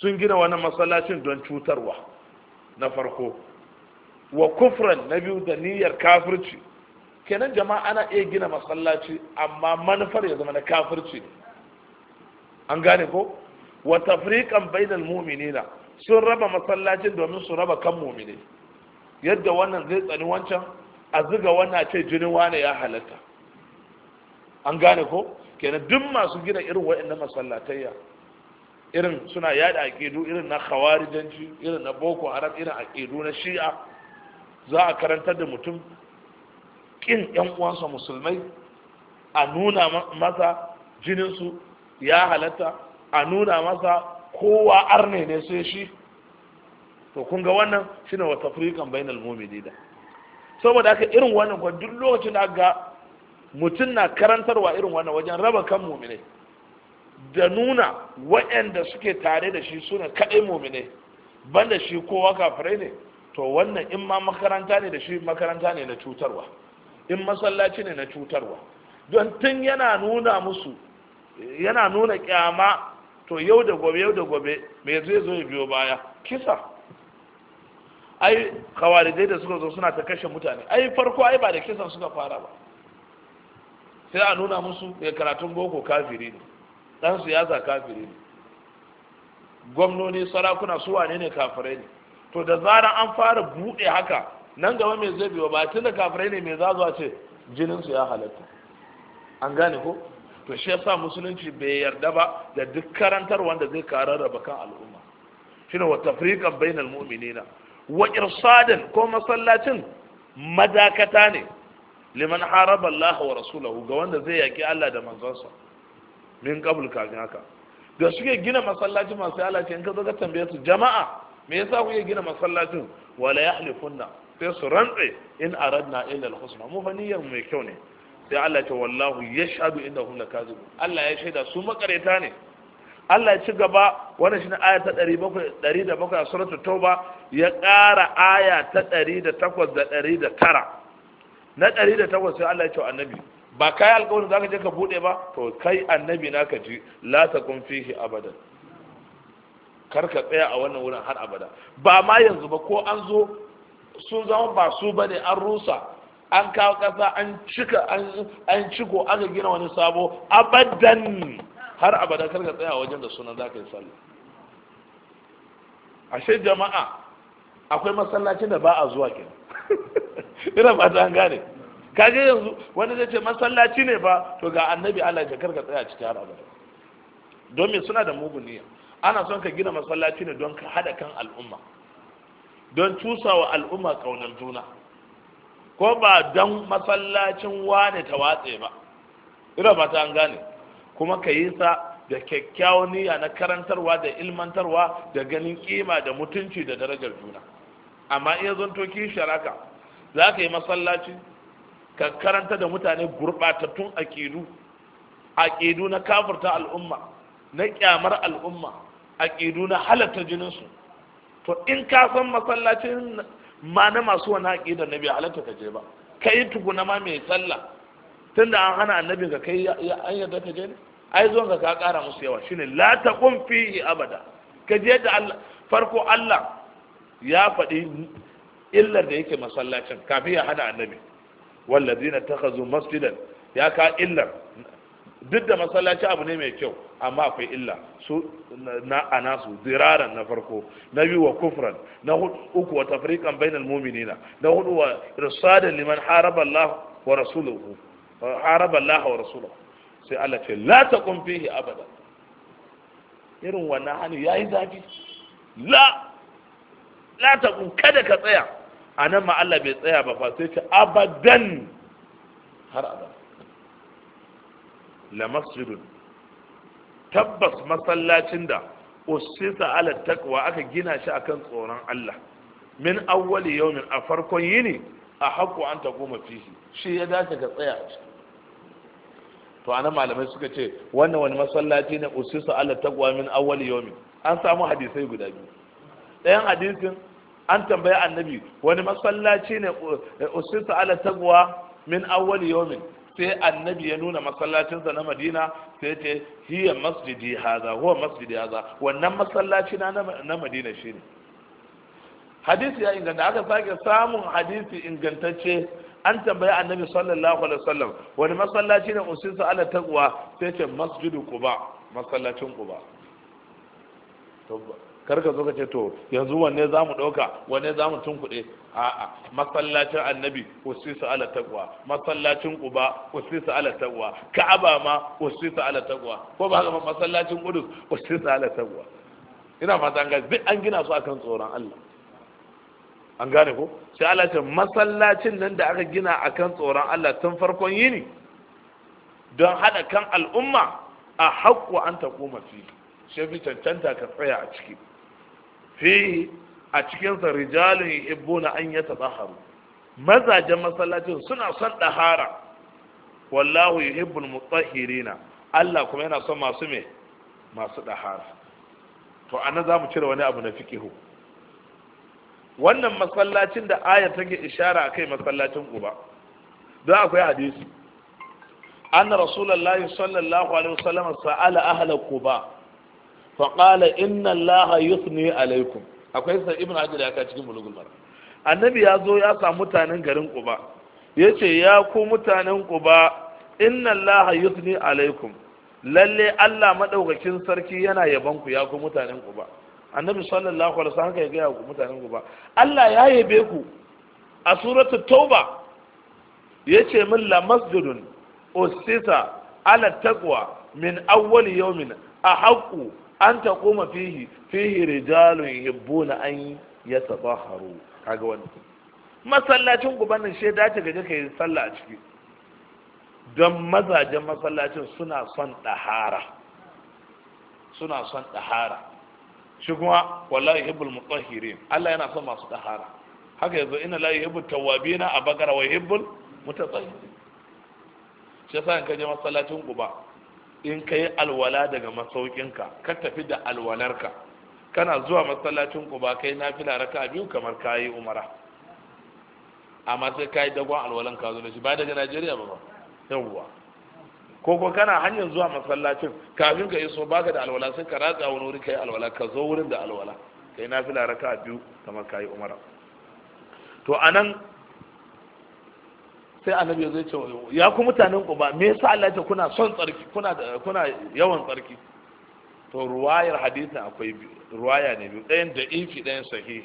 [SPEAKER 1] sun gina wannan masallacin don cutarwa na farko wa kufran na biyu da niyyar kafirci kenan jama'a ana iya gina masallaci amma manufar ya zama na kafirci an gane ko wa tafriqan bainal mu'minina sun raba masallacin domin su raba kan mu'mini yadda wannan zai tsani wancan a zuga wannan ce jinin wane ya halatta an gane ko kenan duk masu gina irin waɗannan masallatayya irin suna yada aƙidu irin na khawarijanci irin na boko haram irin aƙidu na shi'a za a karantar da mutum kin yan uwansa musulmai a nuna masa jininsu ya halatta a nuna masa kowa arne ne sai shi to kun ga wannan shine wa tafriqan bainal mu'minina saboda haka irin wannan kwa duk lokacin da ga mutum na karantarwa irin wannan wajen raba kan muminai da nuna waɗanda suke tare da shi suna kaɗai muminai banda shi kowa kafirai ne to wannan in ma makaranta ne da shi makaranta ne na cutarwa in masallaci ne na cutarwa don tun yana nuna musu yana nuna kyama to yau da gobe yau da gobe me zai zo ya biyo baya kisa ai kawarijai da suka zo suna ta kashe mutane ai farko ai ba da kisan suka fara ba sai a nuna musu mai karatun boko kafiri ne dan siyasa kafiri ne gwamnoni sarakuna su wane ne kafirai ne to da zarar an fara buɗe haka nan gaba mai zai biyo ba tun da kafirai ne mai zazuwa ce jininsu ya halatta an gane ko to shi yasa musulunci bai yarda ba da duk karantar wanda zai karar raba kan al'umma shine wa tafriqan bainal mu'minina wa irsadin ko masallacin madakata ne liman haraba Allah wa rasulahu ga wanda zai yaki Allah da manzansa min qabl kafin haka da suke gina masallacin masu Allah in ka zo ka tambaye su jama'a me yasa kuke gina masallacin wala yahlifunna sai su rantse in aradna illa al-husna mu fa mai kyau ne sai Allah ce wallahu yashhadu innahum lakazibun Allah ya shaida su makareta ne Allah ya ci gaba wannan shine aya ta 700 a suratul tauba ya ƙara aya ta 108 da 109 na 108 sai Allah ya ce annabi ba kai alƙawarin zaka je ka bude ba to kai annabi na ka ji la takun fihi abadan kar ka tsaya a wannan wurin har abada ba ma yanzu ba ko an zo sun zama ba su bane an rusa an kawo kasa an cika an ciko aka gina wani sabo abadan har abada kar ka tsaya wajen da sunan za ka yi sallah ashe jama'a akwai masallacin da ba a zuwa ke ina ba ta gane kaje yanzu wani zai ce masallaci ne ba to ga annabi Allah ka karka tsaya ciki har abada don suna da mugun niyya ana son ka gina masallaci ne don ka hada kan al'umma don wa al'umma kaunar juna ko ba don masallacin wane ta watse ba ina ba ta gane kuma ka yi sa da kyakkyawan niyya na karantarwa da ilmantarwa da ganin kima da mutunci da darajar juna amma iya zanto ki sharaka za ka yi masallaci ka karanta da mutane gurɓatattun aƙidu aƙidu na kafurta al'umma na ƙyamar al'umma aƙidu na halatta jininsu to in ka san masallacin ma na masu wani aƙidar na bai halatta ka je ba ka yi tukuna ma mai sallah tunda an hana annabin ka kai an yarda ka je ne ai zuwan ka ka kara musu yawa shine la taqum fihi abada ka je da Allah farko Allah ya faɗi illar da yake masallacin kafin ya hana annabi wallazina takhazu masjidan ya ka illar duk da masallaci abu ne mai kyau amma akwai illa su na anasu ziraran na farko na biyu wa kufran na uku wa tafriqan bainal mu'minina na hudu wa irsadan liman haraba Allah wa rasuluhu haraba Allah wa rasulahu sai Allah ce la taqum fihi abada irin wannan hali yayi zafi la la taqum kada ka tsaya anan ma Allah bai tsaya ba fa sai ce abadan har abada la masjidun tabbas masallacin da usisa ala taqwa aka gina shi akan tsoron Allah min awwali yawmin a farkon yini a haƙo an ta goma fihi shi ya dace ka tsaya a ciki to ana malamai suka ce wannan wani masallaci ne usisu ala taqwa min awwal yawmi an samu hadisai guda biyu ɗayan hadisin an tambaya annabi wani masallaci ne usisu ala taqwa min awwal yawmi sai annabi ya nuna masallacinsa na madina sai ce hiya masjidi haza huwa masjidi haza wannan masallaci na na madina shine hadisi ya inganta aka sake samun hadisi ingantacce an tambayi annabi sallallahu alaihi wasallam wani masallaci ne usinsa ala taqwa sai ce masjidu quba masallacin quba to karka zo ka ce to yanzu wanne zamu mu ɗauka wanne zamu mu tunkuɗe a'a masallacin annabi usisa ala taqwa masallacin quba usisa ala taqwa ka'aba ma usisa ala taqwa ko ba ma masallacin qudus usisa ala taqwa ina fata an ga duk an gina su akan tsoron Allah an gane ko sai Allah ce masallacin nan da aka gina akan tsoron Allah tun farkon yini don hada kan al'umma a haƙƙo an ta koma fi sai fi cancanta ka tsaya a ciki fi a cikinsa rijalun na an ya taɓaharu mazajen masallacin suna son ɗahara wallahu yuhibbul mutahhirina Allah kuma yana son masu me masu ɗahara to anan za mu cire wani abu na fiqihu wannan masallacin da ayar take ishara kai masallacin uba don akwai hadisi An na rasulallah yi sallallahu alaihi wasallam sa'ala ahla Quba fa qala inna Allah yuthni alaikum akwai sa ibnu hajar ya ka cikin bulugul mara annabi ya zo ya samu mutanen garin Quba yace ya ku mutanen Quba inna Allah yuthni alaikum lalle Allah madaukakin sarki yana yaban ku ya ku mutanen Quba annabi sallallahu alaihi wasallam haka ya gaya wa mutanen ba. Allah ya yabe ku a suratu tauba yace min la masjidun usisa ala taqwa min awwal yawmin ahqqu an taquma fihi fihi rijalun yuhibbuna an yatahharu kaga wannan masallacin ku gubanin shaida ta gaje kai sallah a ciki don mazajen masallacin suna son dahara suna son ɗahara shi kuma wallahi yuhibbul mutahhirin Allah yana son masu tahara haka yanzu inna la yuhibbut tawwabina a bakara wa yuhibbul mutatahhirin shi yasa in ka je masallacin guba in ka alwala daga masaukinka ka tafi da alwalarka kana zuwa masallacin guba kai nafila raka biyu kamar ka umara amma sai ka dagon alwalan ka zo da shi ba daga Najeriya ba ba yawwa ko ko kana hanyar zuwa masallacin kafin ka iso baka da alwala sai ka ratsa wani wuri kai alwala ka zo wurin da alwala kai nafila raka biyu kamar kayi umara to anan sai annabi zai ce ya ku mutanen ku ba? me yasa Allah ya kuna son tsarki kuna kuna yawan tsarki to ruwayar hadisi akwai ruwaya ne biyu ɗayan da ifi ɗayan sahihi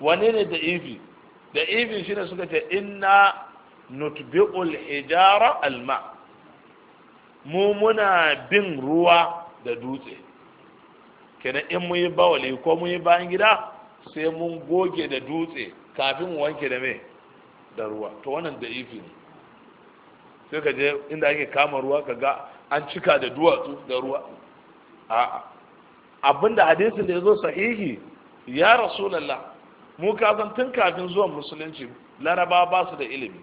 [SPEAKER 1] wane ne da ifi da ifi shine suka ce inna nutbi'ul hijara alma mu muna bin ruwa da dutse kenan in mu yi bawali ko mu yi bayan gida sai mun goge da dutse kafin mu wanke da me da ruwa to wannan da ifi ne sai ka je inda ake kama ruwa ka ga an cika da duwatsu da ruwa a'a abinda hadisin da ya zo sahihi ya rasulallah mu kazan tun kafin zuwan musulunci laraba ba su da ilimi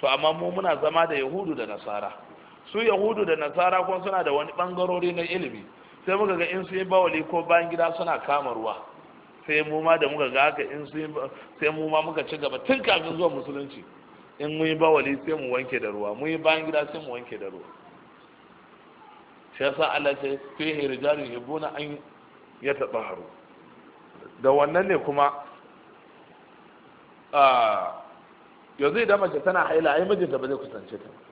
[SPEAKER 1] to amma mu muna zama da yahudu da nasara su yahudu da nasara kuma suna da wani bangarori na ilimi sai muka ga in sun yi bawali ko bayan gida suna kama ruwa sai mu ma da muka ga haka in sun sai mu ma muka ci gaba tun kafin zuwa musulunci in mun yi bawali sai mu wanke da ruwa mun yi bayan gida sai mu wanke da ruwa shi yasa Allah ce fihi rijalun yubuna an tabaharu da wannan ne kuma ah, yanzu idan mace tana haila ai mijinta ba zai kusance ta ba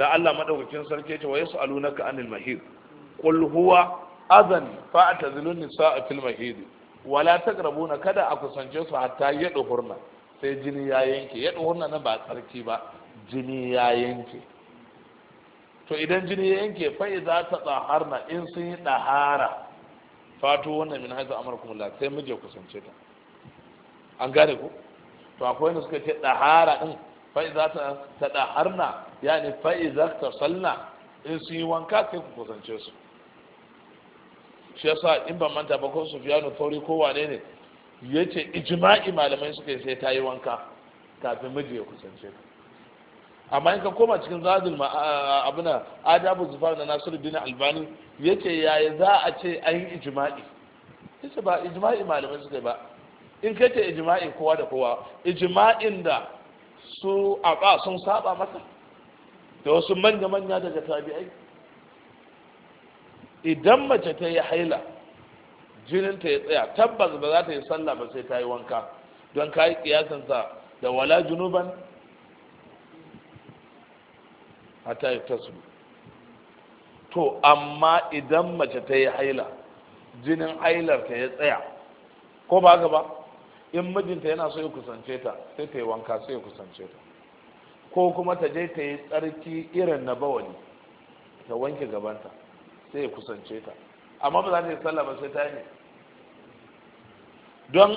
[SPEAKER 1] da Allah madaukakin sarki ce wa yas'alunaka anil mahid qul huwa azan atazilun nisaa fil mahid wala taqrabuna kada a kusance su hatta ya duhurna sai jini ya yanke ya duhurna na ba sarki ba jini ya yanke to idan jini ya yanke fa idza tadaharna in sun yi dahara fato wannan min haza amarkum Allah sai muje kusance ta an gane ku to akwai wanda suka ce dahara din fa'iza ta ya yani fa'iza ta salna in sun yi wanka sai ku kusance su shi sa in ban manta ba ko Sufyanu Thauri ko wane ne Ya ce ijima'i malamai suka yi sai ta yi wanka kafin miji ya kusance ta amma in ka koma cikin zadul abuna adabu zufar na bin Albani Ya ya yaya za a ce an yi ijima'i ita ba ijima'i malamai suka yi ba in ta ijima'i kowa da kowa ijima'in da su a sun saba masa da wasu manya-manya daga tabi'ai idan mace ta yi haila jininta ya tsaya tabbas ba za ta yi sallah ba sai ta yi wanka don ka yi kiyasansa da wala junuban a ta yi to amma idan mace ta yi haila jinin hailar ta ya tsaya ko ba haka ba in mijinta yana so ya kusance ta sai ta yi wanka sai ya kusance ta ko kuma ta je ta yi tsarki irin na bawali ta wanke gabanta sai ya kusance ta amma ba za ta yi sallah ba sai ta yi don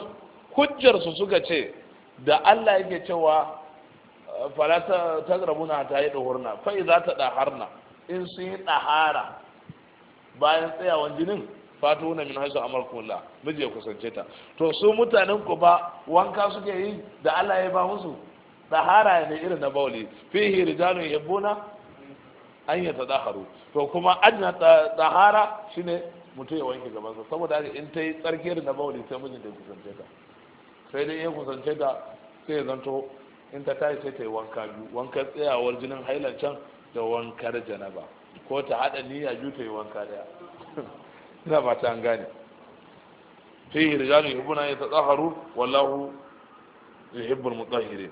[SPEAKER 1] hujjarsu suka ce da Allah yake cewa Falata ta rabuna ta yi dahurna fa idza ta daharna in sun yi dahara bayan tsayawan jinin fatu na min amal kula miji ya kusance ta to su mutanen ku ba wanka suke yi da Allah ya ba musu tsahara ne irin na bauli fihi rijalu yabuna an ya tadaharu to kuma ajna tsahara shine mutum ya wanke gaban sa saboda haka in ta yi tsarkiyar na bauli sai mijin da ya kusance ta sai dai ya kusance ta sai ya zanto in ta tashi sai ta yi wanka biyu wankan tsayawar jinin hailan can da wankar janaba ko ta haɗa niyya biyu ta yi wanka ɗaya ina ba ta an gane fihi rijalun yuhibbuna ya yatatahharu wallahu yuhibbul mutahhirin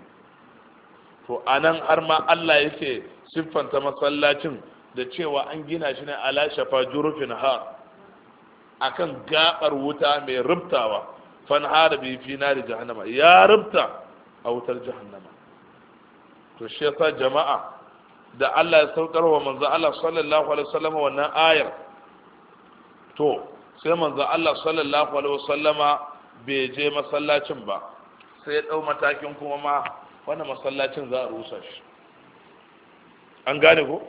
[SPEAKER 1] to anan har ma Allah yake siffanta masallacin da cewa an gina shi ne ala shafa jurufin ha akan gabar wuta mai rubtawa fan hada bi fi nari jahannama ya rubta a wutar jahannama to shi yasa jama'a da Allah ya saukar wa manzo Allah sallallahu alaihi wasallam wannan ayar to sai manzo Allah sallallahu alaihi wasallama bai je masallacin ba sai ya dau matakin kuma ma wannan masallacin za a rusa shi an gane ko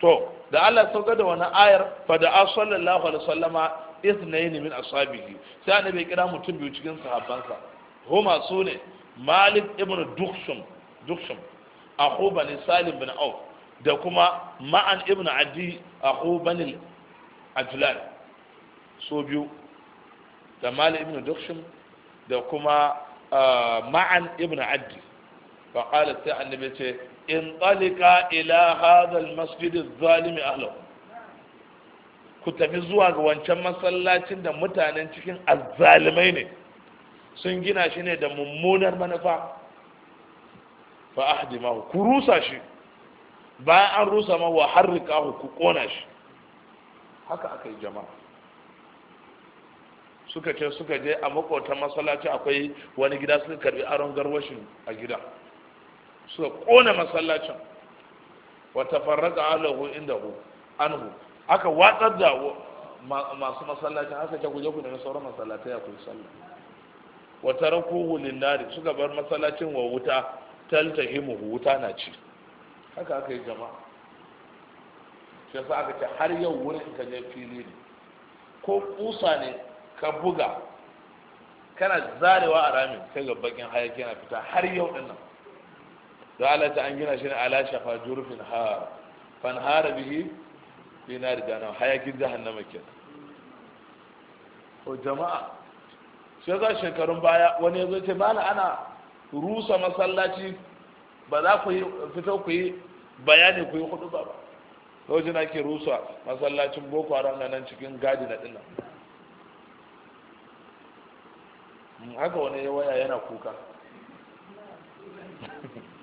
[SPEAKER 1] to da Allah sauka da wani ayar fa da sallallahu alaihi wasallama ithnayn min ashabihi sai annabi ya kira mutum biyu cikin sahabbansa huma sune Malik ibn Dukhshum Dukhshum akhu bani Salim bin Auf da kuma Ma'an ibn Adi akhu bani ajulan so biyu da mali ibn dukshin da kuma uh, ma'an ibn addi ba kala sai annabi ce in tsalika ila hadal al zalimi ahlahu ku tafi zuwa ga wancan masallacin da mutanen cikin azzalimai ne sun gina shi ne da mummunar manufa fa ahdimahu ku rusa shi bayan an rusa ma wa harrika ku kona shi haka aka yi jama'a suka ce suka je a makotan masallaci akwai wani gida suka karbi aron garwashin a gida suka kona masallacin wata farraga alahu inda hu anhu aka watsar da masu masallacin aka ce guje ku nemi sauran masallatai a kuyi sallah wata rakuhu nari suka bar masallacin wa wuta taltahimu wuta na ci haka aka yi jama'a shi yasa aka ce har yau wurin ka je fili ne ko kusa ne ka buga kana zarewa a ramin sai ga bakin hayaki yana fita har yau din nan da Allah ta an gina shi ne ala shafa jurfin har fan hara bihi fi nar jahannam hayakin jahannama kenan to jama'a shi yasa shekarun baya wani ya zo ce bana ana rusa masallaci ba za ku yi fito ku yi bayani ku yi hudu ba lokacin ake rusa masallacin boko haram na nan cikin gadi na dinnan haka wani waya yana kuka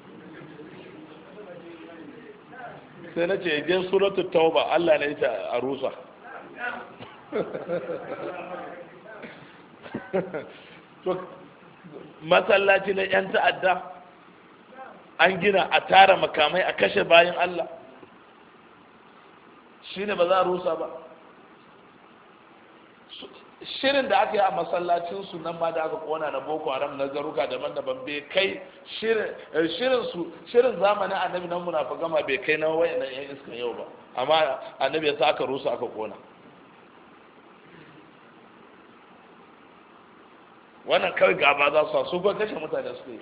[SPEAKER 1] sai na ce gen suratun tauba allah na ita a rusa masallaci na 'yan ta'adda an gina a tara makamai a kashe bayan allah shine ba za a rusa ba shirin da aka yi a masallacin su nan ba da aka kona na boko haram na garuka daban-daban bai kai shirin eh, su shirin zamanin annabi na gama bai kai na wayannan yan iskan yau ba amma annabi ya sa aka rusa aka kona wannan kawai gaba za su su kwa kashe mutane su yi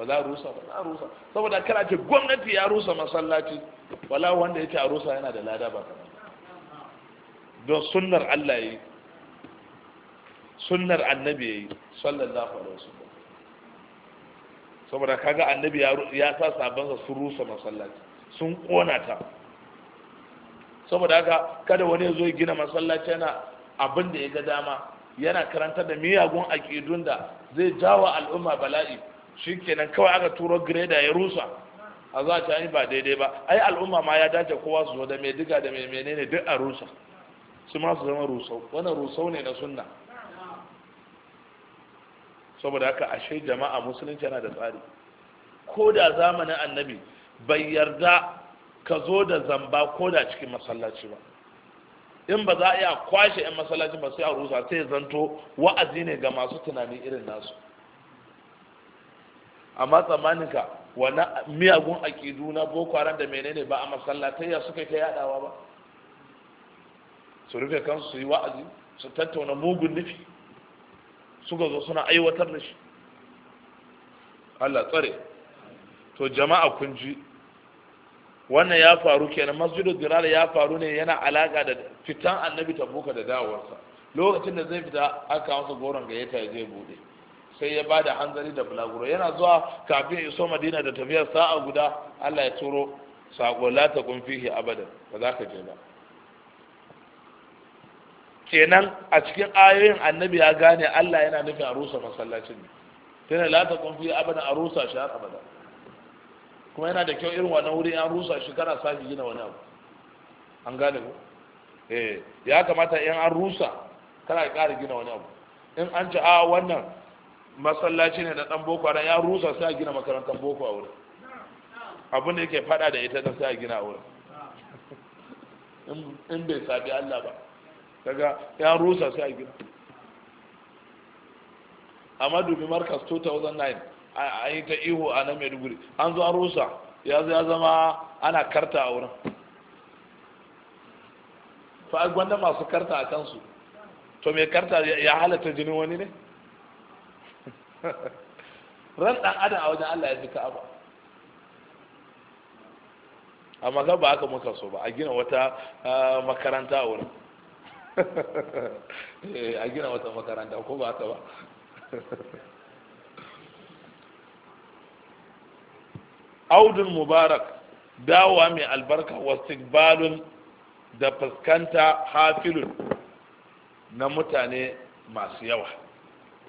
[SPEAKER 1] ba za a rusa ba za a rusa saboda kar a ce gwamnati ya rusa masallaci wala wanda yake a rusa yana da lada ba don sunnar Allah yi sunnar annabi a sallallahu alaihi wasallam saboda kaga annabi ya sa sabansa sun rusa masallaci sun kona ta saboda haka kada wani ya zo ya gina masallaci yana abin da ya ga dama yana karanta da miyagun aƙidun da zai jawa al'umma bala'i kenan kawai aka turo greda ya rusa a za ta yi ba daidai ba ai al'umma ma ya dace kowa su zo da mai diga da mai menene duk a rusa su ma su zama rusau wani rusau ne na sunna saboda haka ashe jama'a musulunci yana da tsari ko da zamanin annabi bai yarda ka zo da zamba ko da cikin masallaci ba in ba za a iya kwashe 'yan masallaci ba sai a rusa sai zanto wa'azi ne ga masu tunani irin nasu amma tsammaninka wani miyagun akidu na boko haram da menene ba a masallatayya suka ta yadawa ba su rufe kansu su yi wa'azi su tattauna mugun nufi suka zo suna aiwatar da shi Allah tsare to jama'a kun ji wannan ya faru kenan masjidu dirar ya faru ne yana alaka da fitan annabi tabuka da dawowarsa lokacin da zai fita aka masa goron gayyata ya zai bude sai ya bada hanzari da bulaguro yana zuwa kafin ya iso madina da tafiyar sa'a guda allah ya turo sako la ta kun fihi abadan ba za ka je ba kenan a cikin ayoyin annabi ya gane allah yana nufin a rusa masallacin ne tana la ta kun fihi abadan a rusa shi har abada kuma yana da kyau irin wannan wuri an rusa shi kana sake gina wani abu an gane ku eh ya kamata in an rusa kana ƙara gina wani abu in an ci a wannan masallaci ne na dan boko haram ya rusa sai a gina makarantar boko a wurin abin da yake fada da ita ta sai a gina a wurin in bai sabi Allah ba daga ya rusa sai a gina amma dubi markas 2009 an yi ta ihu a nan maiduguri an zo an rusa ya zama ana karta a wurin fa gwanda masu karta a kansu to mai karta ya halatta jinin wani ne ran dan adam a wajen Allah ya fi ka'aba amma ga ba aka muka so ba a gina wata ah, makaranta a wurin eh, a gina wata makaranta ko ba ta ba audun mubarak dawowa mai albarka wastigbalun da fuskanta hafilun na mutane masu yawa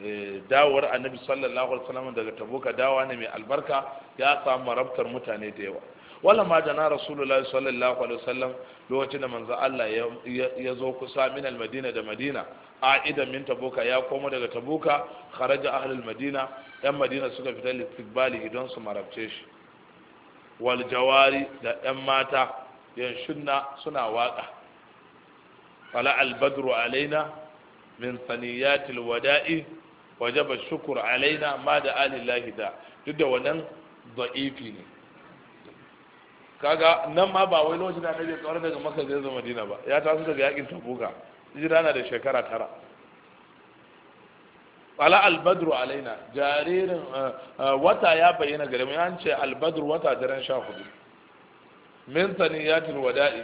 [SPEAKER 1] Eh, dawar annabi sallallahu alaihi wasallam daga tabuka dawa ne mai albarka ya samu marabtar mutane da yawa wala ma jana rasulullahi sallallahu alaihi wasallam lokacin da manzo Allah ya zo kusa min almadina da madina a'idan min tabuka ya komo daga tabuka kharaja ahlul madina yan madina suka fita listiqbali idan su marabce shi wal jawari da yan mata yanshunna suna waka fala albadru alaina min saniyatil wada'i wajaba shukur alaina ma da alillahi da duk da wannan da'ifi ne kaga nan ma ba wai lokacin da annabi tsawar daga maka zai zama dina ba ya taso daga yakin tabuka hijira na da shekara tara ala albadru alaina jaririn eh, eh, wata ya bayyana gare mu an ce albadru wata daren sha hudu min saniyatul wada'i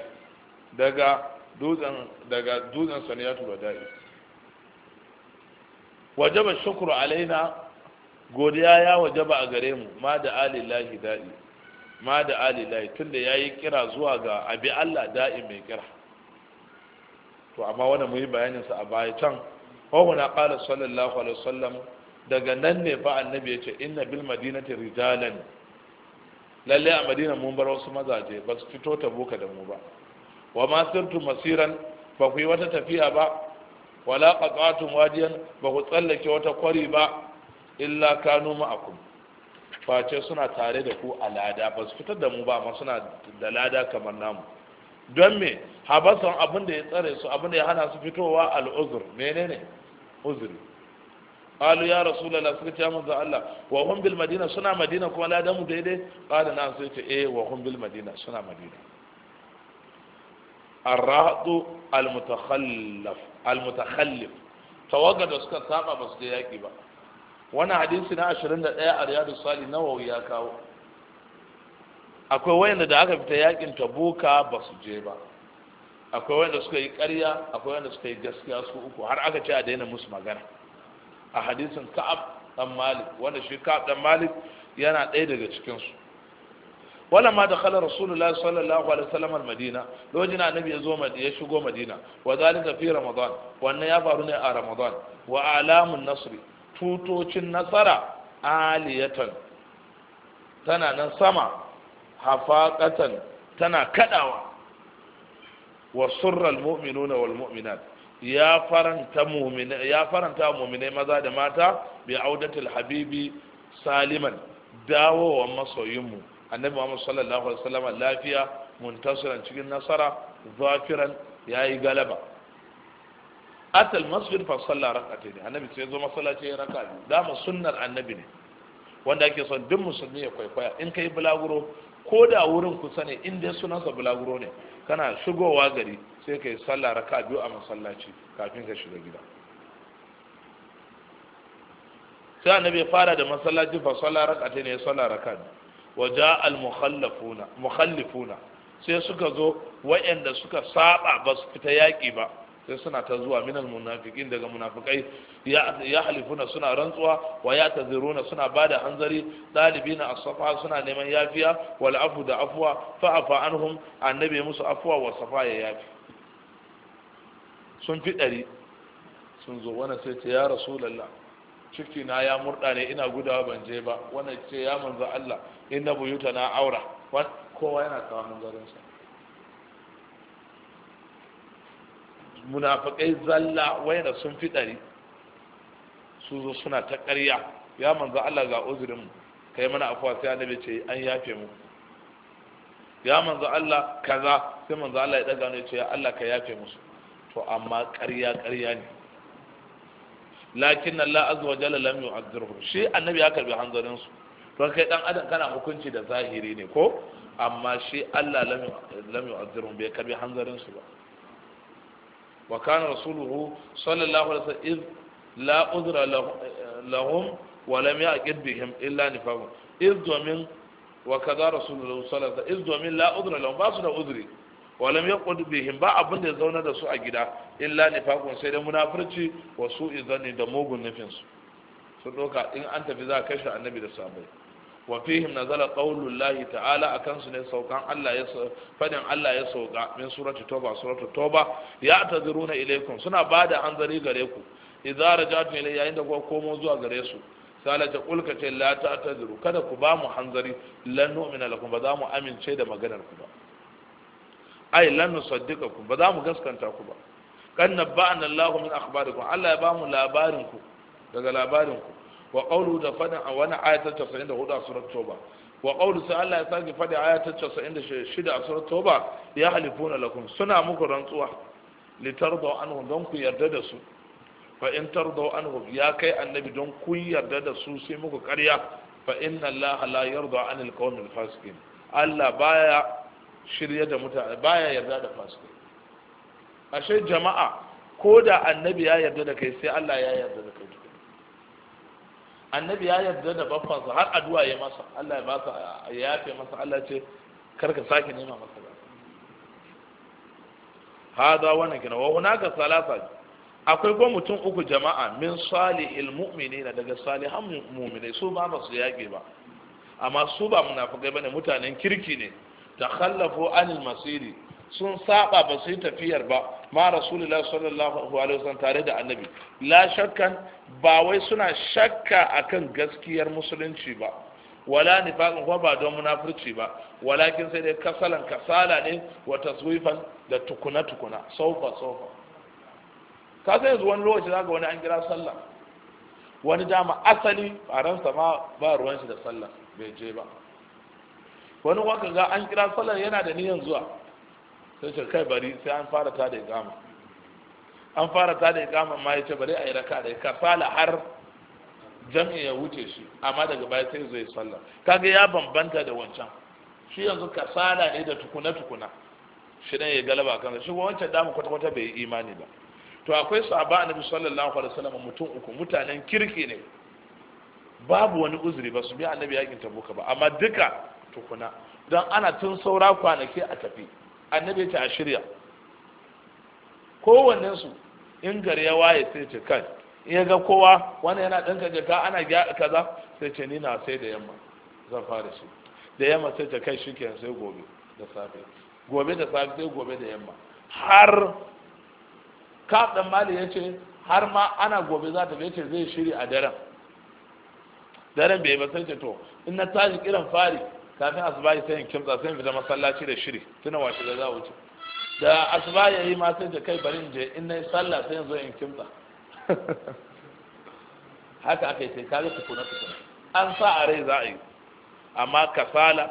[SPEAKER 1] daga dutsen daga dutsen saniyatul wada'i wajaba shukru alaina godiya ya wajaba a gare mu ma da alillahi da'i ma da alillahi tunda yayi kira zuwa ga abi Allah da'i mai kira to amma wannan muyi bayanin sa a baya can wa na qala sallallahu alaihi wasallam daga nan ne fa annabi ya ce inna bil madinati rijalan lalle a madina mun bar wasu mazaje ba su fito ta boka da mu ba wa ma sirtu masiran ba ku yi wata tafiya ba wala qat'atum wadiyan ba ku tsallake wata kwari ba illa kanu ma'akum face suna tare da ku a lada ba su fitar da mu ba amma suna da lada kamar namu don me habasan abin da ya tsare su abin da ya hana su fitowa al'uzur menene uzuri qalu ya rasulullah suka ce manzo Allah wa hum bil madina suna madina kuma ladan mu daidai qala na sai ce eh wa hum bil madina suna madina ar-rahdu al-mutakhallaf al-mutakhallif tawaga da suka saba ba su je yaki ba wannan hadisi na 21 a riyadu sali nawawi ya kawo akwai wayanda da aka fita yakin tabuka ba su je ba akwai wayanda suka yi ƙarya akwai wayanda suka yi gaskiya su uku har aka ce a daina musu magana a hadisin ka'ab dan malik wanda shi ka'ab dan malik yana ɗaya daga cikin su wala ma dakhala rasulullahi sallallahu alaihi wasallam almadina lokacin annabi ya zo madina ya shigo madina wa zalika fi ramadan wannan ya faru ne a ramadan wa alamun nasri tutocin nasara aliyatan tana nan sama hafaqatan tana kadawa wa surral mu'minuna wal mu'minat ya faranta mu'mine ya faranta maza da mata bi audatil habibi saliman dawowa masoyinmu annabi muhammad sallallahu alaihi wasallam lafiya muntasiran cikin nasara zafiran yayi galaba atal masjid fa salla rak'atayn annabi sai zo masallaci ya raka biyu dama sunnar annabi ne wanda ake son duk musulmi ya kwaikwaya in kai bulaguro ko da wurin kusa ne in dai sunansa bulaguro ne kana shigowa gari sai kai salla raka biyu a masallaci kafin ka shiga gida sai annabi fara da masallaci fa salla rak'atayn ta ne sallah raka biyu waja al-mukhallafuna sai suka zo waɗanda suka saba ba su fita yaƙi ba sai suna ta zuwa minal munafiqin daga munafikai ya halifuna suna rantsuwa wa ya taziruna suna bada hanzari dalibina as-safa suna neman yafiya wal afu da afwa fa afa anhum annabi musu afwa wa safa ya yafi sun fi ɗari sun zo wani sai ta ya rasulallah ciki na ya murda ne ina gudawa ban je ba wannan ce ya manzo Allah inna buyuta na aura kowa yana kawo manzarin sa munafiqai zalla wayna sun fi dari su zo suna ta ƙarya ya manzo Allah ga uzurin mu kai mana afuwa sai annabi ce an yafe mu ya manzo Allah kaza sai manzo Allah ya daga ne ce ya Allah ka yafe musu to amma ƙarya ƙarya ne lakin Allah azza wa jalla lam yu'azzirhum shi annabi ya karbi hanzarin su to kai dan adam kana hukunci da zahiri ne ko amma shi Allah lam lam yu'azzirhum bai karbi hanzarin su ba wa kana rasuluhu sallallahu alaihi wasallam iz la uzra lahum wa lam yaqid bihim illa nifaq iz domin wa kaza rasulullahi sallallahu alaihi wasallam iz domin la uzra lahum ba su da uzri walam yaqud bihim ba abin da zauna da su a gida illa nifakun sai da munafurci wa su'i da mugun nufin su su doka in an tafi za kashe annabi da sahabbai wa fihim nazala qawlu llahi ta'ala akan su ne saukan Allah ya fadin Allah ya sauka min surati toba suratu toba ya na ilaikum suna bada anzari gare ku idza rajatu ilayya yayin da komo zuwa gare su sala ta kulka ce la ta'tadiru kada ku ba mu hanzari lan nu'mina lakum ba za mu amince da maganar ku ba ai lan ku ba za mu gaskanta ku ba kan nabba'ana Allahu min akhbarikum Allah ya bamu labarin ku daga labarin ku wa qawlu da fadin a wani ayatul 94 a surat toba wa qawlu sai Allah ya saki fadi ayatul 96 a surat toba ya halifuna lakum suna muku rantsuwa litardu anhu don ku yarda da su fa in tardu anhu ya kai annabi don ku yarda da su sai muku ƙarya fa inna Allah la yarda anil qawmil fasiqin Allah baya shirya da mutane baya yarda da fasikai ashe jama'a ko da annabi ya yarda da kai sai Allah ya yarda da kai annabi ya yarda da baffansa har addu'a ya masa Allah ya masa ya yafe masa Allah ce karka sake nema masa ba hada wannan kina wa hunaka salasa akwai ko mutum uku jama'a min salihil mu'minina daga salihan mu'minai su ba ba su yage ba amma su ba munafikai bane mutanen kirki ne takhallafu anil masiri sun saba ba su yi tafiyar ba ma rasulullah sallallahu alaihi wasallam tare da annabi la shakkan ba wai suna shakka akan gaskiyar musulunci ba wala nifaqin ko ba don munafurci ba walakin sai dai kasalan kasala ne wa taswifan da tukuna tukuna sofa sofa ka sai yanzu wani lokaci zaka wani an kira sallah wani dama asali a ransa ma ba ruwan shi da sallah bai je ba wani waka ga an kira sallar yana da niyan zuwa sai ce kai bari sai an fara ta da igama an fara ta da igama ma ya ce bari a yi raka da ka fala har jami'a ya wuce shi amma daga baya sai zai sallar kaga ya bambanta da wancan shi yanzu kasala ne da tukuna tukuna shi dan ya galaba kan shi wancan damu kwata kwata bai yi imani ba to akwai sahaba annabi sallallahu alaihi wasallam mutum uku mutanen kirki ne babu wani uzuri ba su bi annabi yakin tabuka ba amma duka tukuna don ana tun saura kwanaki a tafi annabi ta a shirya su in gari ya waye sai ce kai in ya ga kowa wani yana ɗinka jaka ana kaza sai ce ni na sai da yamma zan fara shi da yamma sai ta kai shi sai gobe da safe gobe da safe sai gobe da yamma har kaf dan mali ya ce har ma ana gobe za ta bai ce zai shiri a daren daren bai ba sai ce to in na tashi kiran fari kafin asibayi sai in kimtsa sai in fita masallaci da shiri tuna washe da za wuce da asibayi ya yi ma sai da kai bari in je in nayi sallah sai in zo in kimtsa haka aka yi sai ka kaga tukuna tukuna an sa a rai za a yi amma kasala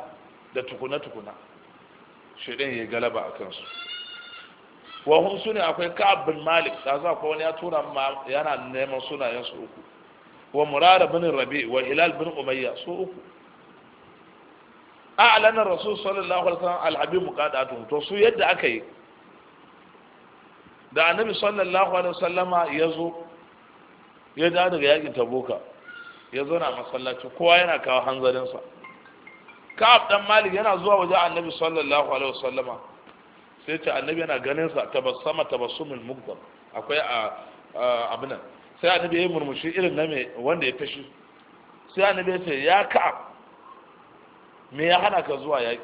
[SPEAKER 1] da tukuna tukuna shirin ya galaba a kansu wa hun sune akwai ka'ab bin malik da za ko wani ya tura ma yana neman sunayen su uku wa murara bin rabi wa hilal bin umayya su uku a'lana rasul sallallahu alaihi wasallam alhabib muqadatu to su yadda aka yi da annabi sallallahu alaihi wasallama yazo ya da daga yakin tabuka ya zo na masallaci kowa yana kawo hanzarinsa ka'ab dan malik yana zuwa wajen annabi sallallahu alaihi wasallama sai ce annabi yana ganin sa tabassama tabassumul mugdab akwai a abin nan sai annabi ya murmushi irin na me wanda ya fashi sai annabi ya ce ya ka'ab me ya hana ka zuwa yaƙi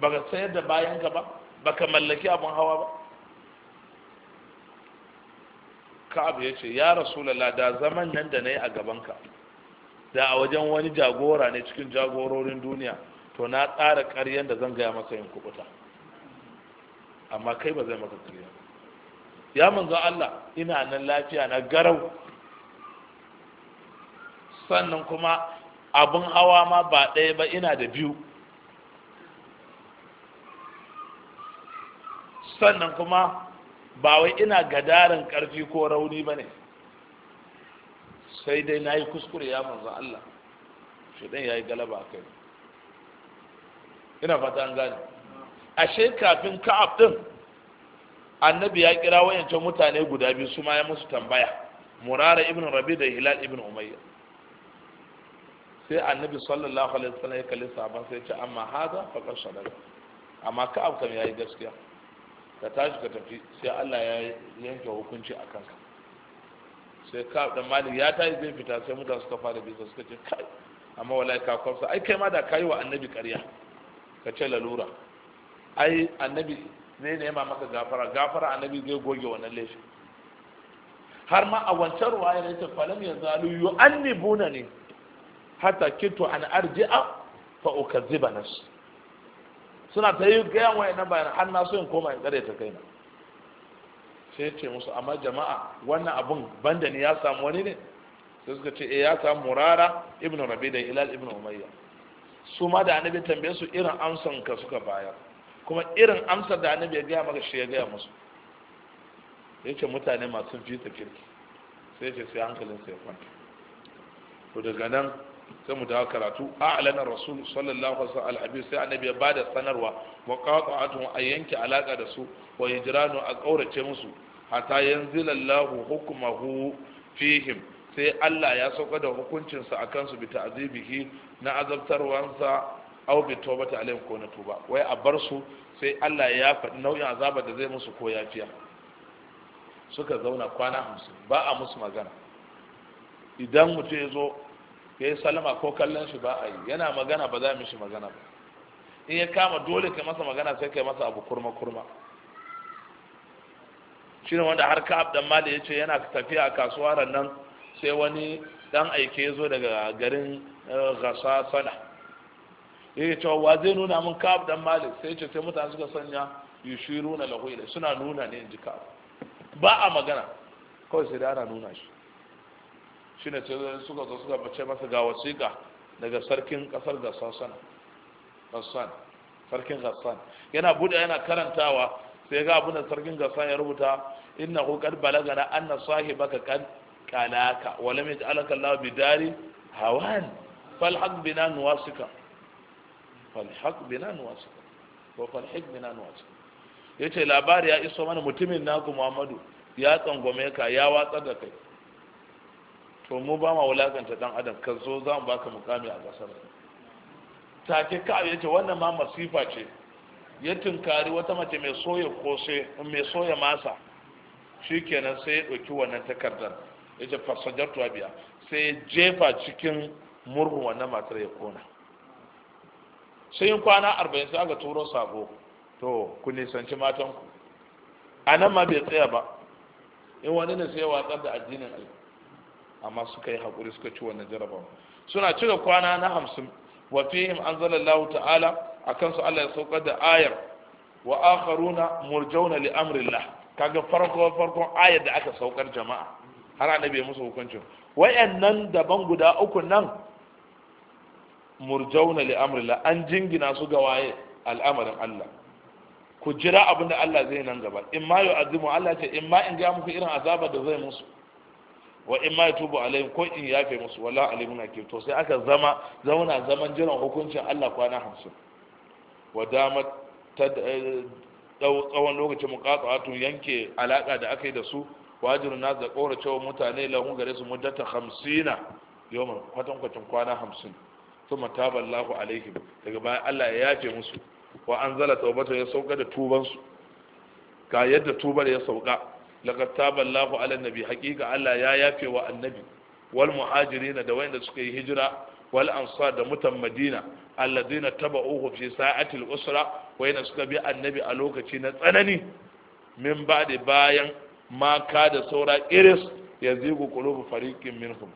[SPEAKER 1] baka sayar da bayanka ba baka mallaki abin hawa ba ka'ab ya ce ya rasulallah da zaman nan da na yi a gabanka da a wajen wani jagora ne cikin jagororin duniya to na tsara ƙaryen da zan gaya masa yin kubuta amma kai ba zai maka ƙarya ya manzo Allah ina nan lafiya na garau sannan kuma Abin hawa ma ba ɗaya ba ina da biyu sannan kuma ba wai ina gadarin ƙarfi ko rauni ba ne sai dai na yi kuskure ya manzan Allah shidan ya yi galaba kai ina fata an gane ashe kafin ka'ab ɗin? annabi ya kira wayancan mutane guda biyu su ma ya musu tambaya murara ibn rabi da hilal ibn umayya sai annabi sallallahu alaihi wasallam ya kalli sahaban sai ya ce amma haza faqad sadaka amma ka abu kan yayi gaskiya ka tashi ka tafi sai Allah ya yanke hukunci a kanka sai ka da malik ya tashi zai fita sai mutane suka fara bisa suka ce kai amma wallahi ka kwafsa ai kai ma da kai wa annabi ƙarya ka ce lalura ai annabi zai nema maka gafara gafara annabi zai goge wannan laifin har ma a wancan ruwaya ne ta falam ya zalu yu'annibuna ne Hata kitu an a fa na shi suna ta yi gayan na bayan har na so in koma in kare ta kaina sai ce musu amma jama'a wannan abun banda ne ya samu wani ne sai suka ce eh ya samu murara ibnu rabi da ilal ibnu umayya su ma da annabi tambaye su irin amsan ka suka bayar kuma irin amsar da annabi ya gaya maka shi ya gaya musu ya ce mutane masu fita kirki sai ce sai hankalin sai kwanta to daga nan sai mu dawo karatu a'lana rasul sallallahu alaihi wasallam al-habib sai annabi ya bada sanarwa wa qata'atu a yanke alaka da su wa hijranu a kaurace musu hatta yanzila Allahu hukmuhu fihim sai Allah ya sauka da hukuncin sa akan su bi ta'zibihi na azabtarwansa aw bi tawbati alaihim ko na tuba wai a bar su sai Allah ya faɗi nau'in azaba da zai musu ko yafiya suka zauna kwana hamsin ba a musu magana idan mutum ya zo Ka yi salama ko kallon shi ba a yi yana magana ba za mishi magana ba in ya kama dole ka masa magana sai ka masa abu kurma kurma shi ne wanda har ka'ab dan mali ya ce yana tafiya a kasuwa nan sai wani dan aike ya zo daga garin eh, gasa sana ya ce wa zai nuna min ka'ab dan mali sai ce sai mutane suka sanya yushiru na lahu suna nuna ne in ji ka'ab ba a magana kawai sai da ana nuna shi shi ne sai suka zo suka bace masa ga wasiƙa daga sarkin ƙasar gassan gassan sarkin gassan yana buɗe yana karantawa sai ga abin da sarkin gassan ya rubuta inna hu kad balagana anna sahibaka kad kalaka wa lam yaj'alaka Allah bidari hawan fal haq bina nuwasika fal haq bina nuwasika wa fal haq bina nuwasika yace labari ya iso mana mutumin naku Muhammadu ya tsangwame ka ya watsar da kai to mu ba ma wulakanta dan adam ka zo za mu baka mukami a kasar take ka ya ce wannan ma masifa ce ya tunkari wata mace mai soya kose mai soya masa shikenan sai ya ɗauki wannan takardar ya ce fasajar biya sai ya jefa cikin murhu wannan matar ya kona sai yin kwana arba'in sai aka turo sabo to ku nisanci matanku a nan ma bai tsaya ba in wani ne sai watsar da addinin amma suka yi haƙuri suka ci wannan jarabawa suna cika kwana na hamsin wa fihim anzalallahu ta'ala akan su Allah ya saukar da ayar wa akharuna murjauna li amrillah kaga farko farkon ayar da aka saukar jama'a har annabi musu hukuncin wayannan daban guda uku nan murjauna li amrillah an jingina su ga waye al'amarin Allah ku jira abinda Allah zai nan gaba in ma yu'azimu Allah ce in ma in ga muku irin azabar da zai musu wa in ma tubu alaihim ko in yafe musu wala alimun ke to sai aka zama zauna zaman jiran hukuncin Allah kwana 50 wa damat ta eh, tsawon lokacin muqata'atu yanke alaka da aka yi da su wajirun na da cewa mutane lahun gare su muddata 50 kwatan kwatankwacin kwana 50 ثم تاب allahu alaihi daga bayan Allah ya yafe musu wa anzala tawbatan ya sauka da tubansu ga yadda tubar ya sauka laqad taba Allahu ala nabi haqiqa Allah ya yafe wa annabi wal muhajirin da wanda suka yi hijira wal ansar da mutan madina alladina taba'uhu fi sa'atil usra wayanda suka bi annabi a lokaci na tsanani min ba'di da bayan maka da saura iris ya zigu kulubu fariqin minhum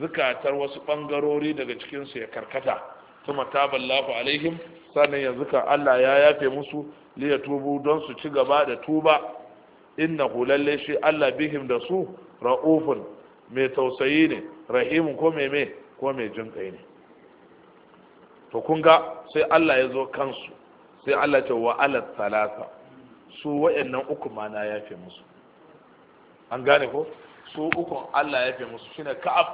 [SPEAKER 1] zukatar wasu bangarori daga cikin su ya karkata kuma Allahu alaihim sannan yanzu kan Allah ya yafe musu liya tubu don su ci gaba da tuba hu lalle shi Allah bihim da su ra'ufun mai tausayi ne rahimun ko mai mai ko mai jin kai ne to kun ga sai Allah ya zo kansu sai Allah ce wa ala talata su wayannan uku ma na yafe musu an gane ko su uku Allah ya yafe musu shine Ka'ab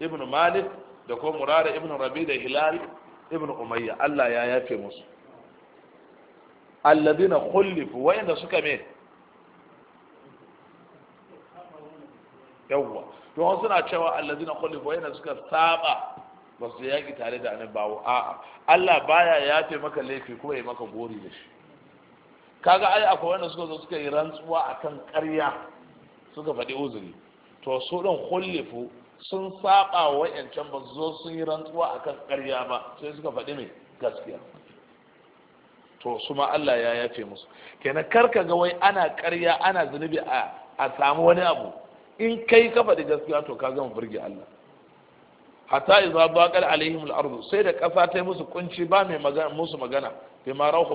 [SPEAKER 1] ibn Malik da ko Murara ibn Rabi da Hilal ibn Umayya Allah ya yafe musu alladina khulifu wayanda suka me yawwa don suna cewa allazina khulifu yana suka saba ba su yaki tare da annabawa a'a Allah baya yafe maka laifi kuma ya maka gori da shi kaga ai akwai wanda suka zo suka yi rantsuwa akan ƙarya suka faɗi uzuri to su ɗin khulifu sun saba wa yancan ba su zo sun yi rantsuwa akan ƙarya ba sai suka faɗi mai gaskiya to su ma Allah ya yafe musu kenan karka ga wai ana ƙarya ana zunubi a samu wani abu in kai kafa da gaskiya to ka gama burge Allah hatta idza baqal alaihim al-ardu sai da kasa ta yi musu kunci ba mai magana musu magana bi ma rauhu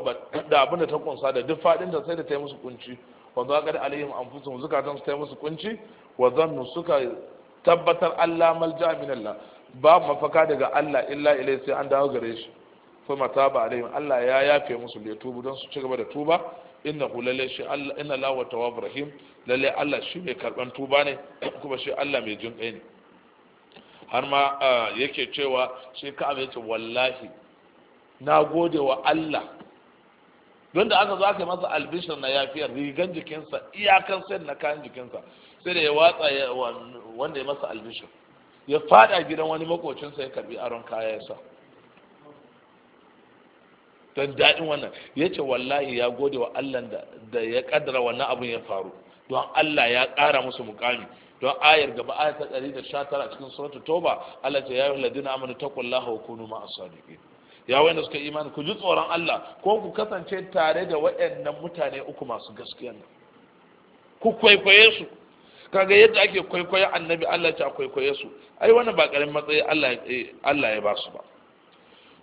[SPEAKER 1] da abinda ta kunsa da duk fadin da sai da ta yi musu kunci wa zaqal alaihim anfusuhum zukatan ta yi musu kunci wa zannu suka tabbatar Allah malja min Allah ba mafaka daga Allah illa ilai sai an dawo gare shi fa mataba alaihim Allah ya yafe musu da tubu don su ci gaba da tuba inna hu lalle shi Allah inna la wa rahim lalle Allah shi mai karban tuba ne kuma shi Allah mai jin ne har ma yake cewa shi ka ce wallahi na gode wa Allah don da aka zo aka yi masa albishir na yafiya rigan jikinsa iyakan sai na kayan jikinsa sai da ya watsa wanda ya masa albishir ya fada gidan wani makocinsa ya karbi aron sa don daɗin wannan ya ce wallahi ya gode wa allah da ya kaddara wannan abin ya faru don allah ya ƙara musu mukami don ayar gaba ayar ta ɗari da sha tara cikin suratul toba allah ce ya yi ladina amanu taqullaha wa kunu a sadiqin ya da suka imani ku ji tsoron allah ko ku kasance tare da waɗannan mutane uku masu gaskiya ku kwaikwaye su kaga yadda ake kwaikwaye annabi allah ce a kwaikwaye su ai wannan ba ƙaramin matsayi allah eh, ya ba su ba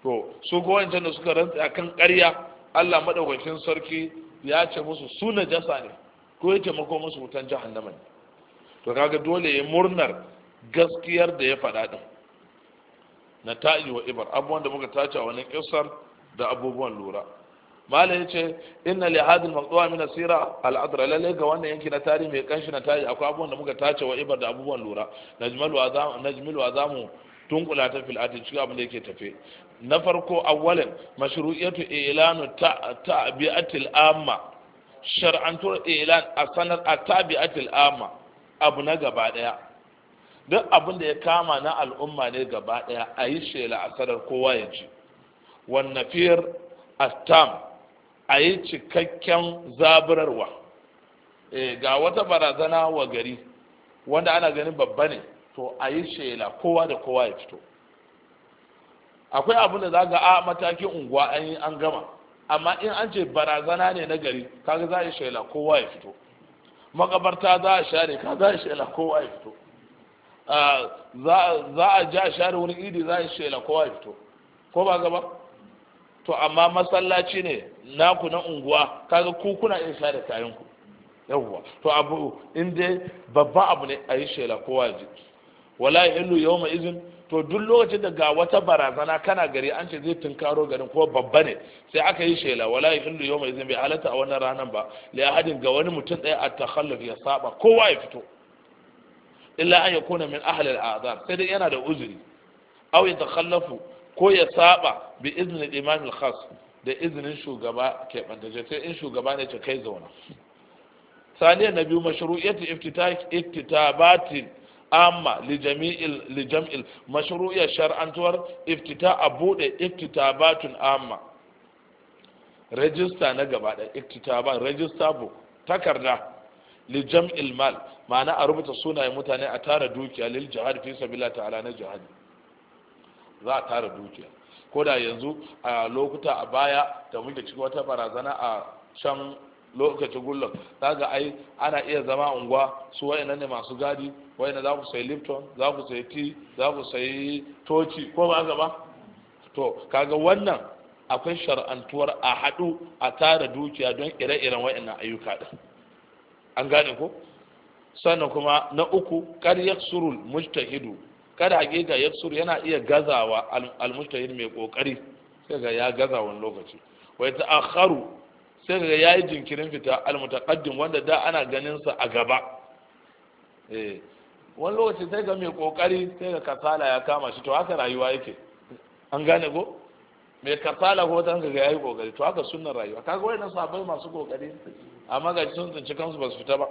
[SPEAKER 1] to su ko wancan da suka rantsa kan ƙarya Allah madaukakin sarki ya ce musu su jasa ne ko ya taimako musu wutan jahannama ne to kaga dole ya murnar gaskiyar da ya faɗa ɗin na ta'i wa ibar abubuwan da muka tace a wani kissar da abubuwan lura malam ce inna li hadhihi al-maqdu'a min asira al-adra lalle ga wannan yanki na tarihi mai kanshi na tarihi akwai abubuwan da muka tace wa ibar da abubuwan lura najmalu azamu najmilu azamu tunkula ta fil ati cikin abin da yake tafe na farko awwalin mashru'iyatu ilanu ta'bi'atil amma shar'antu ilan a sanar a tabi'atil amma abu na gaba daya duk abin da ya kama na al'umma ne gaba daya a yi shela a sanar kowa ya ji wannan fiyar astam a yi cikakken zaburarwa eh, ga wata barazana wa gari wanda ana ganin babba ne to a yi shela kowa da kowa ya fito akwai abin da za ga a matakin unguwa an yi an gama amma in an ce barazana ne na gari kaga za a yi shaila kowa ya fito makabarta za a share ka za a shaila kowa ya fito za a ja share wani idi za a shaila kowa ya fito ko ba gaba to amma masallaci ne naku na unguwa kaga ku kuna iya share kayan ku yawwa to abu in dai babban abu ne a yi shaila kowa ya ji wala ya yahillu yawma izin to duk lokacin da ga wata barazana kana gari an ce zai tunkaro garin ko babba ne sai aka yi shela wala yau mai zai bai halatta a wannan ranar ba li ahadin ga wani mutum ɗaya a takhalluf ya saba kowa ya fito illa an yakuna min ahli al-azar sai dai yana da uzuri aw ya takhallafu ko ya saba bi izni imam al-khas da izinin shugaba ke bantaje sai in shugaba ne ce kai zauna ثانيا نبي ifti ta batin. amma lijam'il mashru'iyar shar'antuwar iftita a iftita iftitabatun amma rajista na gaba iftita iftitaban rajista bu takarda lijam'il mal ma'ana a rubuta sunayen mutane a tara dukiya lil jihad fi sabila ta'ala na jihad za a tara dukiya ko da yanzu a lokuta a baya da muke cikin wata barazana a can lokacin gullon ga ai ana iya zama unguwa su wa'ina ne masu gadi wa'ina za ku sayi lipton za ku sayi ti za ku sayi toci ko ba ba to kaga wannan akwai shar'antuwar a haɗu a tara dukiya don ire-iren wa'ina ayyuka din an gane ko sannan kuma na uku kar yaksurul mujtahidu kada hakika yaksur yana iya gazawa al-mujtahid mai kokari sai ga ya gaza wani lokaci wa akharu sai ga yayi jinkirin fita almutaqaddim wanda da ana ganin sa a gaba eh wani lokaci sai ga mai kokari sai ga kasala ya kama shi to haka rayuwa yake an gane ko mai kasala ko ta ga yayi kokari to haka sunan rayuwa kaga wayannan sabai masu kokari amma ga sun tsinci kansu ba su fita ba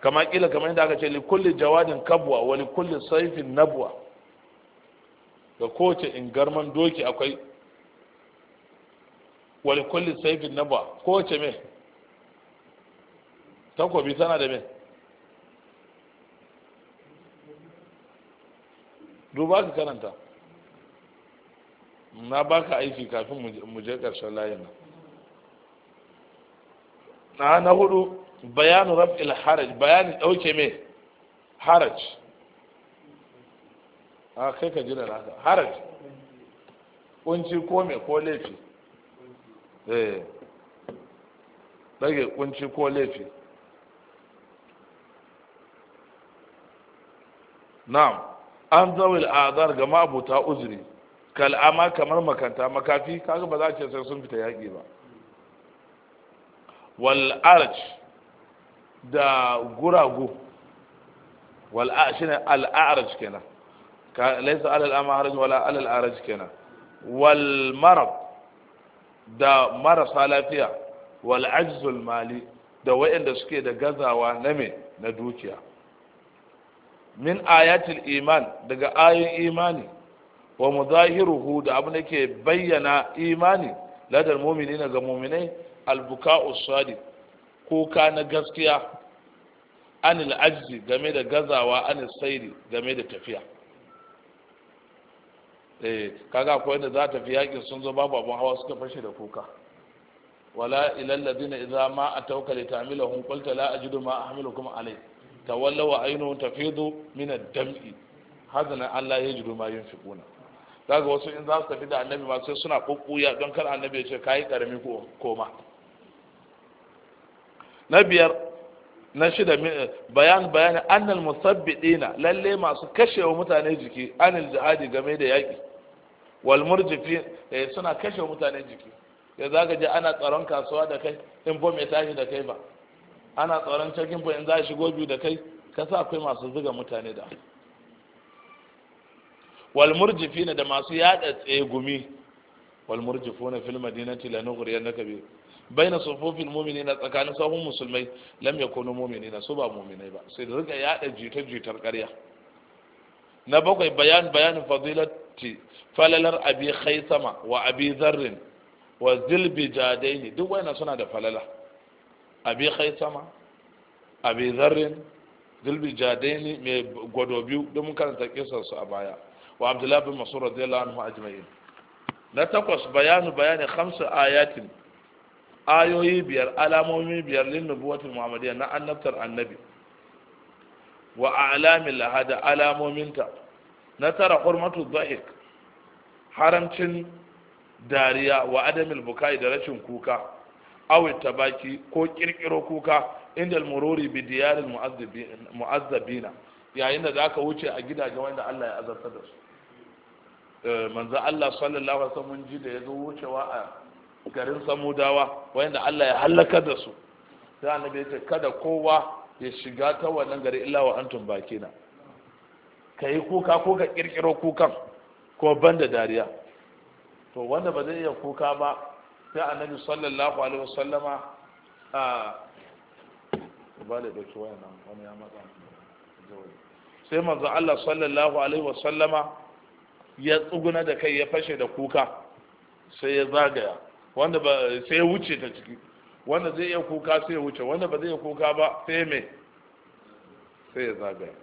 [SPEAKER 1] kama kila kamar yadda aka ce li kulli jawadin kabwa wa li kulli sayfin nabwa ga kowace ingarman doki akwai wani kulli saifin na ba kowace me takobi tana da me duba ka karanta na baka aiki kafin mu je karshen layin nan na hudu bayanu il haraj bayanin dauke me haraj a kai ka jira naka haraj kunci ko me ko laifi ɗage eh. kunci ko laifi na'am an zawil azar ga mabuta uzuri kal'ama kamar makanta makafi kaga ba za a ce sai sun fita yaƙi ba wal arch da guragu wal shi al arch kenan ka laisa al al amharaj wala al al arch kenan wal marad da marasa lafiya wal ajzul mali da waɗanda suke da gazawa na me na dukiya min ayatul iman daga ayoyin imani wa muzahiru da abin da ke bayyana imani ladar mu'minina ga mu'minai albuka'u sadiq kuka na gaskiya anil ajzi game da gazawa anil sairi game da tafiya eh kaga akwai wanda za ta fi yakin sun zo babu abun hawa suka fashe da kuka wala ilal ladina idza ma atawka li ta'milahum qulta la ajidu ma ahmilukum alay tawallaw aynuhum tafidu min ad-dam'i hadana Allah yajidu ma yunfiquna kaga wasu in za su tafi da annabi ma sai suna kokkuya don kar annabi ya ce kai karami ko koma na biyar na shida eh, bayan bayani annal musabbidina lalle masu kashewa mutane jiki anil jihadi game da yaki wal murjifi eh, suna kashe mutanen jiki ya zaga je ana tsaron kasuwa da kai in bom ya tashi da kai ba ana tsaron cikin bom in za a shigo biyu da kai ka sa akwai masu zuga mutane da wal murjifina da masu yada tsegumi wal murjifuna fil madinati lanughriyanaka bi baina sufufil mu'minina tsakanin sahun musulmai lam yakunu mu'minina su ba mu'minai ba sai rika yada jita jitar ƙarya na bakwai bayan bayanin fadilati falalar abi khaisama wa abi zarrin wa zilbi jadaini duk wayannan suna da falala abi khaisama abi zarrin zilbi jadaini mai gwado biyu don mun karanta kisan su a baya wa abdullahi bin mas'ud radiyallahu anhu ajma'in na takwas bayanu bayani khamsu ayatin ayoyi biyar alamomi biyar lin nubuwatul muhammadiyya na annabtar annabi wa a'lamil lahada alamominta na tara hurmatu dhahik haramcin dariya wa adamil bukai da rashin kuka ta baki, ko kirkiro kuka inda mururi bi diyarin mu'azzabina yayin da zaka wuce a gidajen wanda Allah ya azabta da su eh, manzo Allah sallallahu alaihi wasallam ji da yazo wucewa a garin samudawa wanda Allah ya halaka da su sai annabi ya ce kada kowa ya shiga ta wannan gari illa wa antum bakina ka kuka ko ka kirkiro kukan ko ban da dariya to wanda ba zai iya kuka ba sai annabi sallallahu alaihi wasallama a ba da dauki waya nan wani ya matsa sai manzo Allah sallallahu alaihi wasallama ya tsuguna da kai ya fashe da kuka sai ya zagaya wanda ba sai ya wuce ta ciki wanda zai iya kuka sai ya wuce wanda ba zai iya kuka ba sai me sai ya zagaya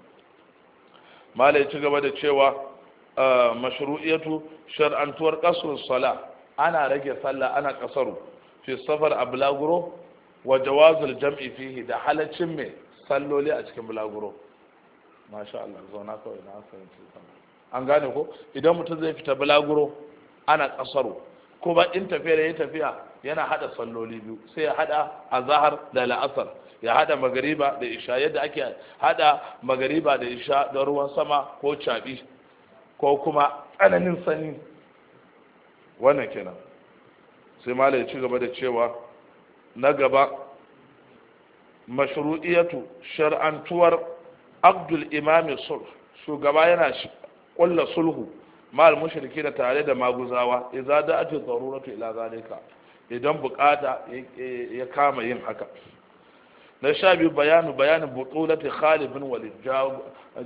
[SPEAKER 1] malai ya ci gaba da cewa mashru'iyatu shar'antuwar kasar sala ana rage sallah ana kasaru fi safar a bulaguro wa jawazul jam'i fihi da halacin mai salloli a cikin bulaguro masha Allah zauna kawai na fahimci an gane ko idan mutum zai fita bulaguro ana kasaru ko in tafiya da ya tafiya yana hada salloli biyu sai ya hada azhar da la'asar ya hada magariba da isha yadda ake hada magariba da isha da ruwan sama ko cabi ko kuma tsananin sani wannan kenan sai malam ya ci gaba da cewa na gaba mashru'iyatu shar'antuwar abdul imami sulh shugaba yana kulla sulhu mal mushriki da tare da maguzawa idza da ake ila zalika idan bukata ya kama yin haka na sha biyu bayanu bayanin butulati khalid bin walid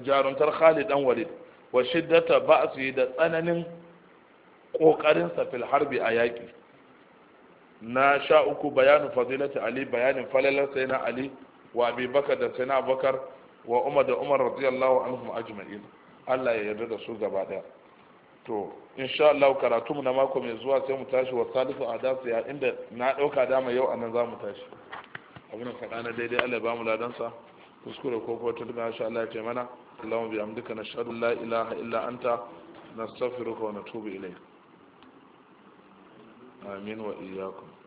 [SPEAKER 1] jarumtar khalid dan walid wa shiddata sayi da tsananin kokarin sa fil harbi a yaki na sha uku bayanu fazilata ali bayanin falalar sai na ali wa abubakar da sai na abubakar wa umar da umar radiyallahu anhum ajma'in Allah ya yarda da su gaba daya to insha Allah karatu mu na mako mai zuwa sai mu tashi wa salisu adasu ya inda na dauka dama yau anan za mu tashi abin faɗa na daidai Allah ba mu ladansa kuskure ko ko tun ma sha Allah ya ce mana اللهم بحمدك نشهد ان لا اله الا انت نستغفرك ونتوب اليك امين واياكم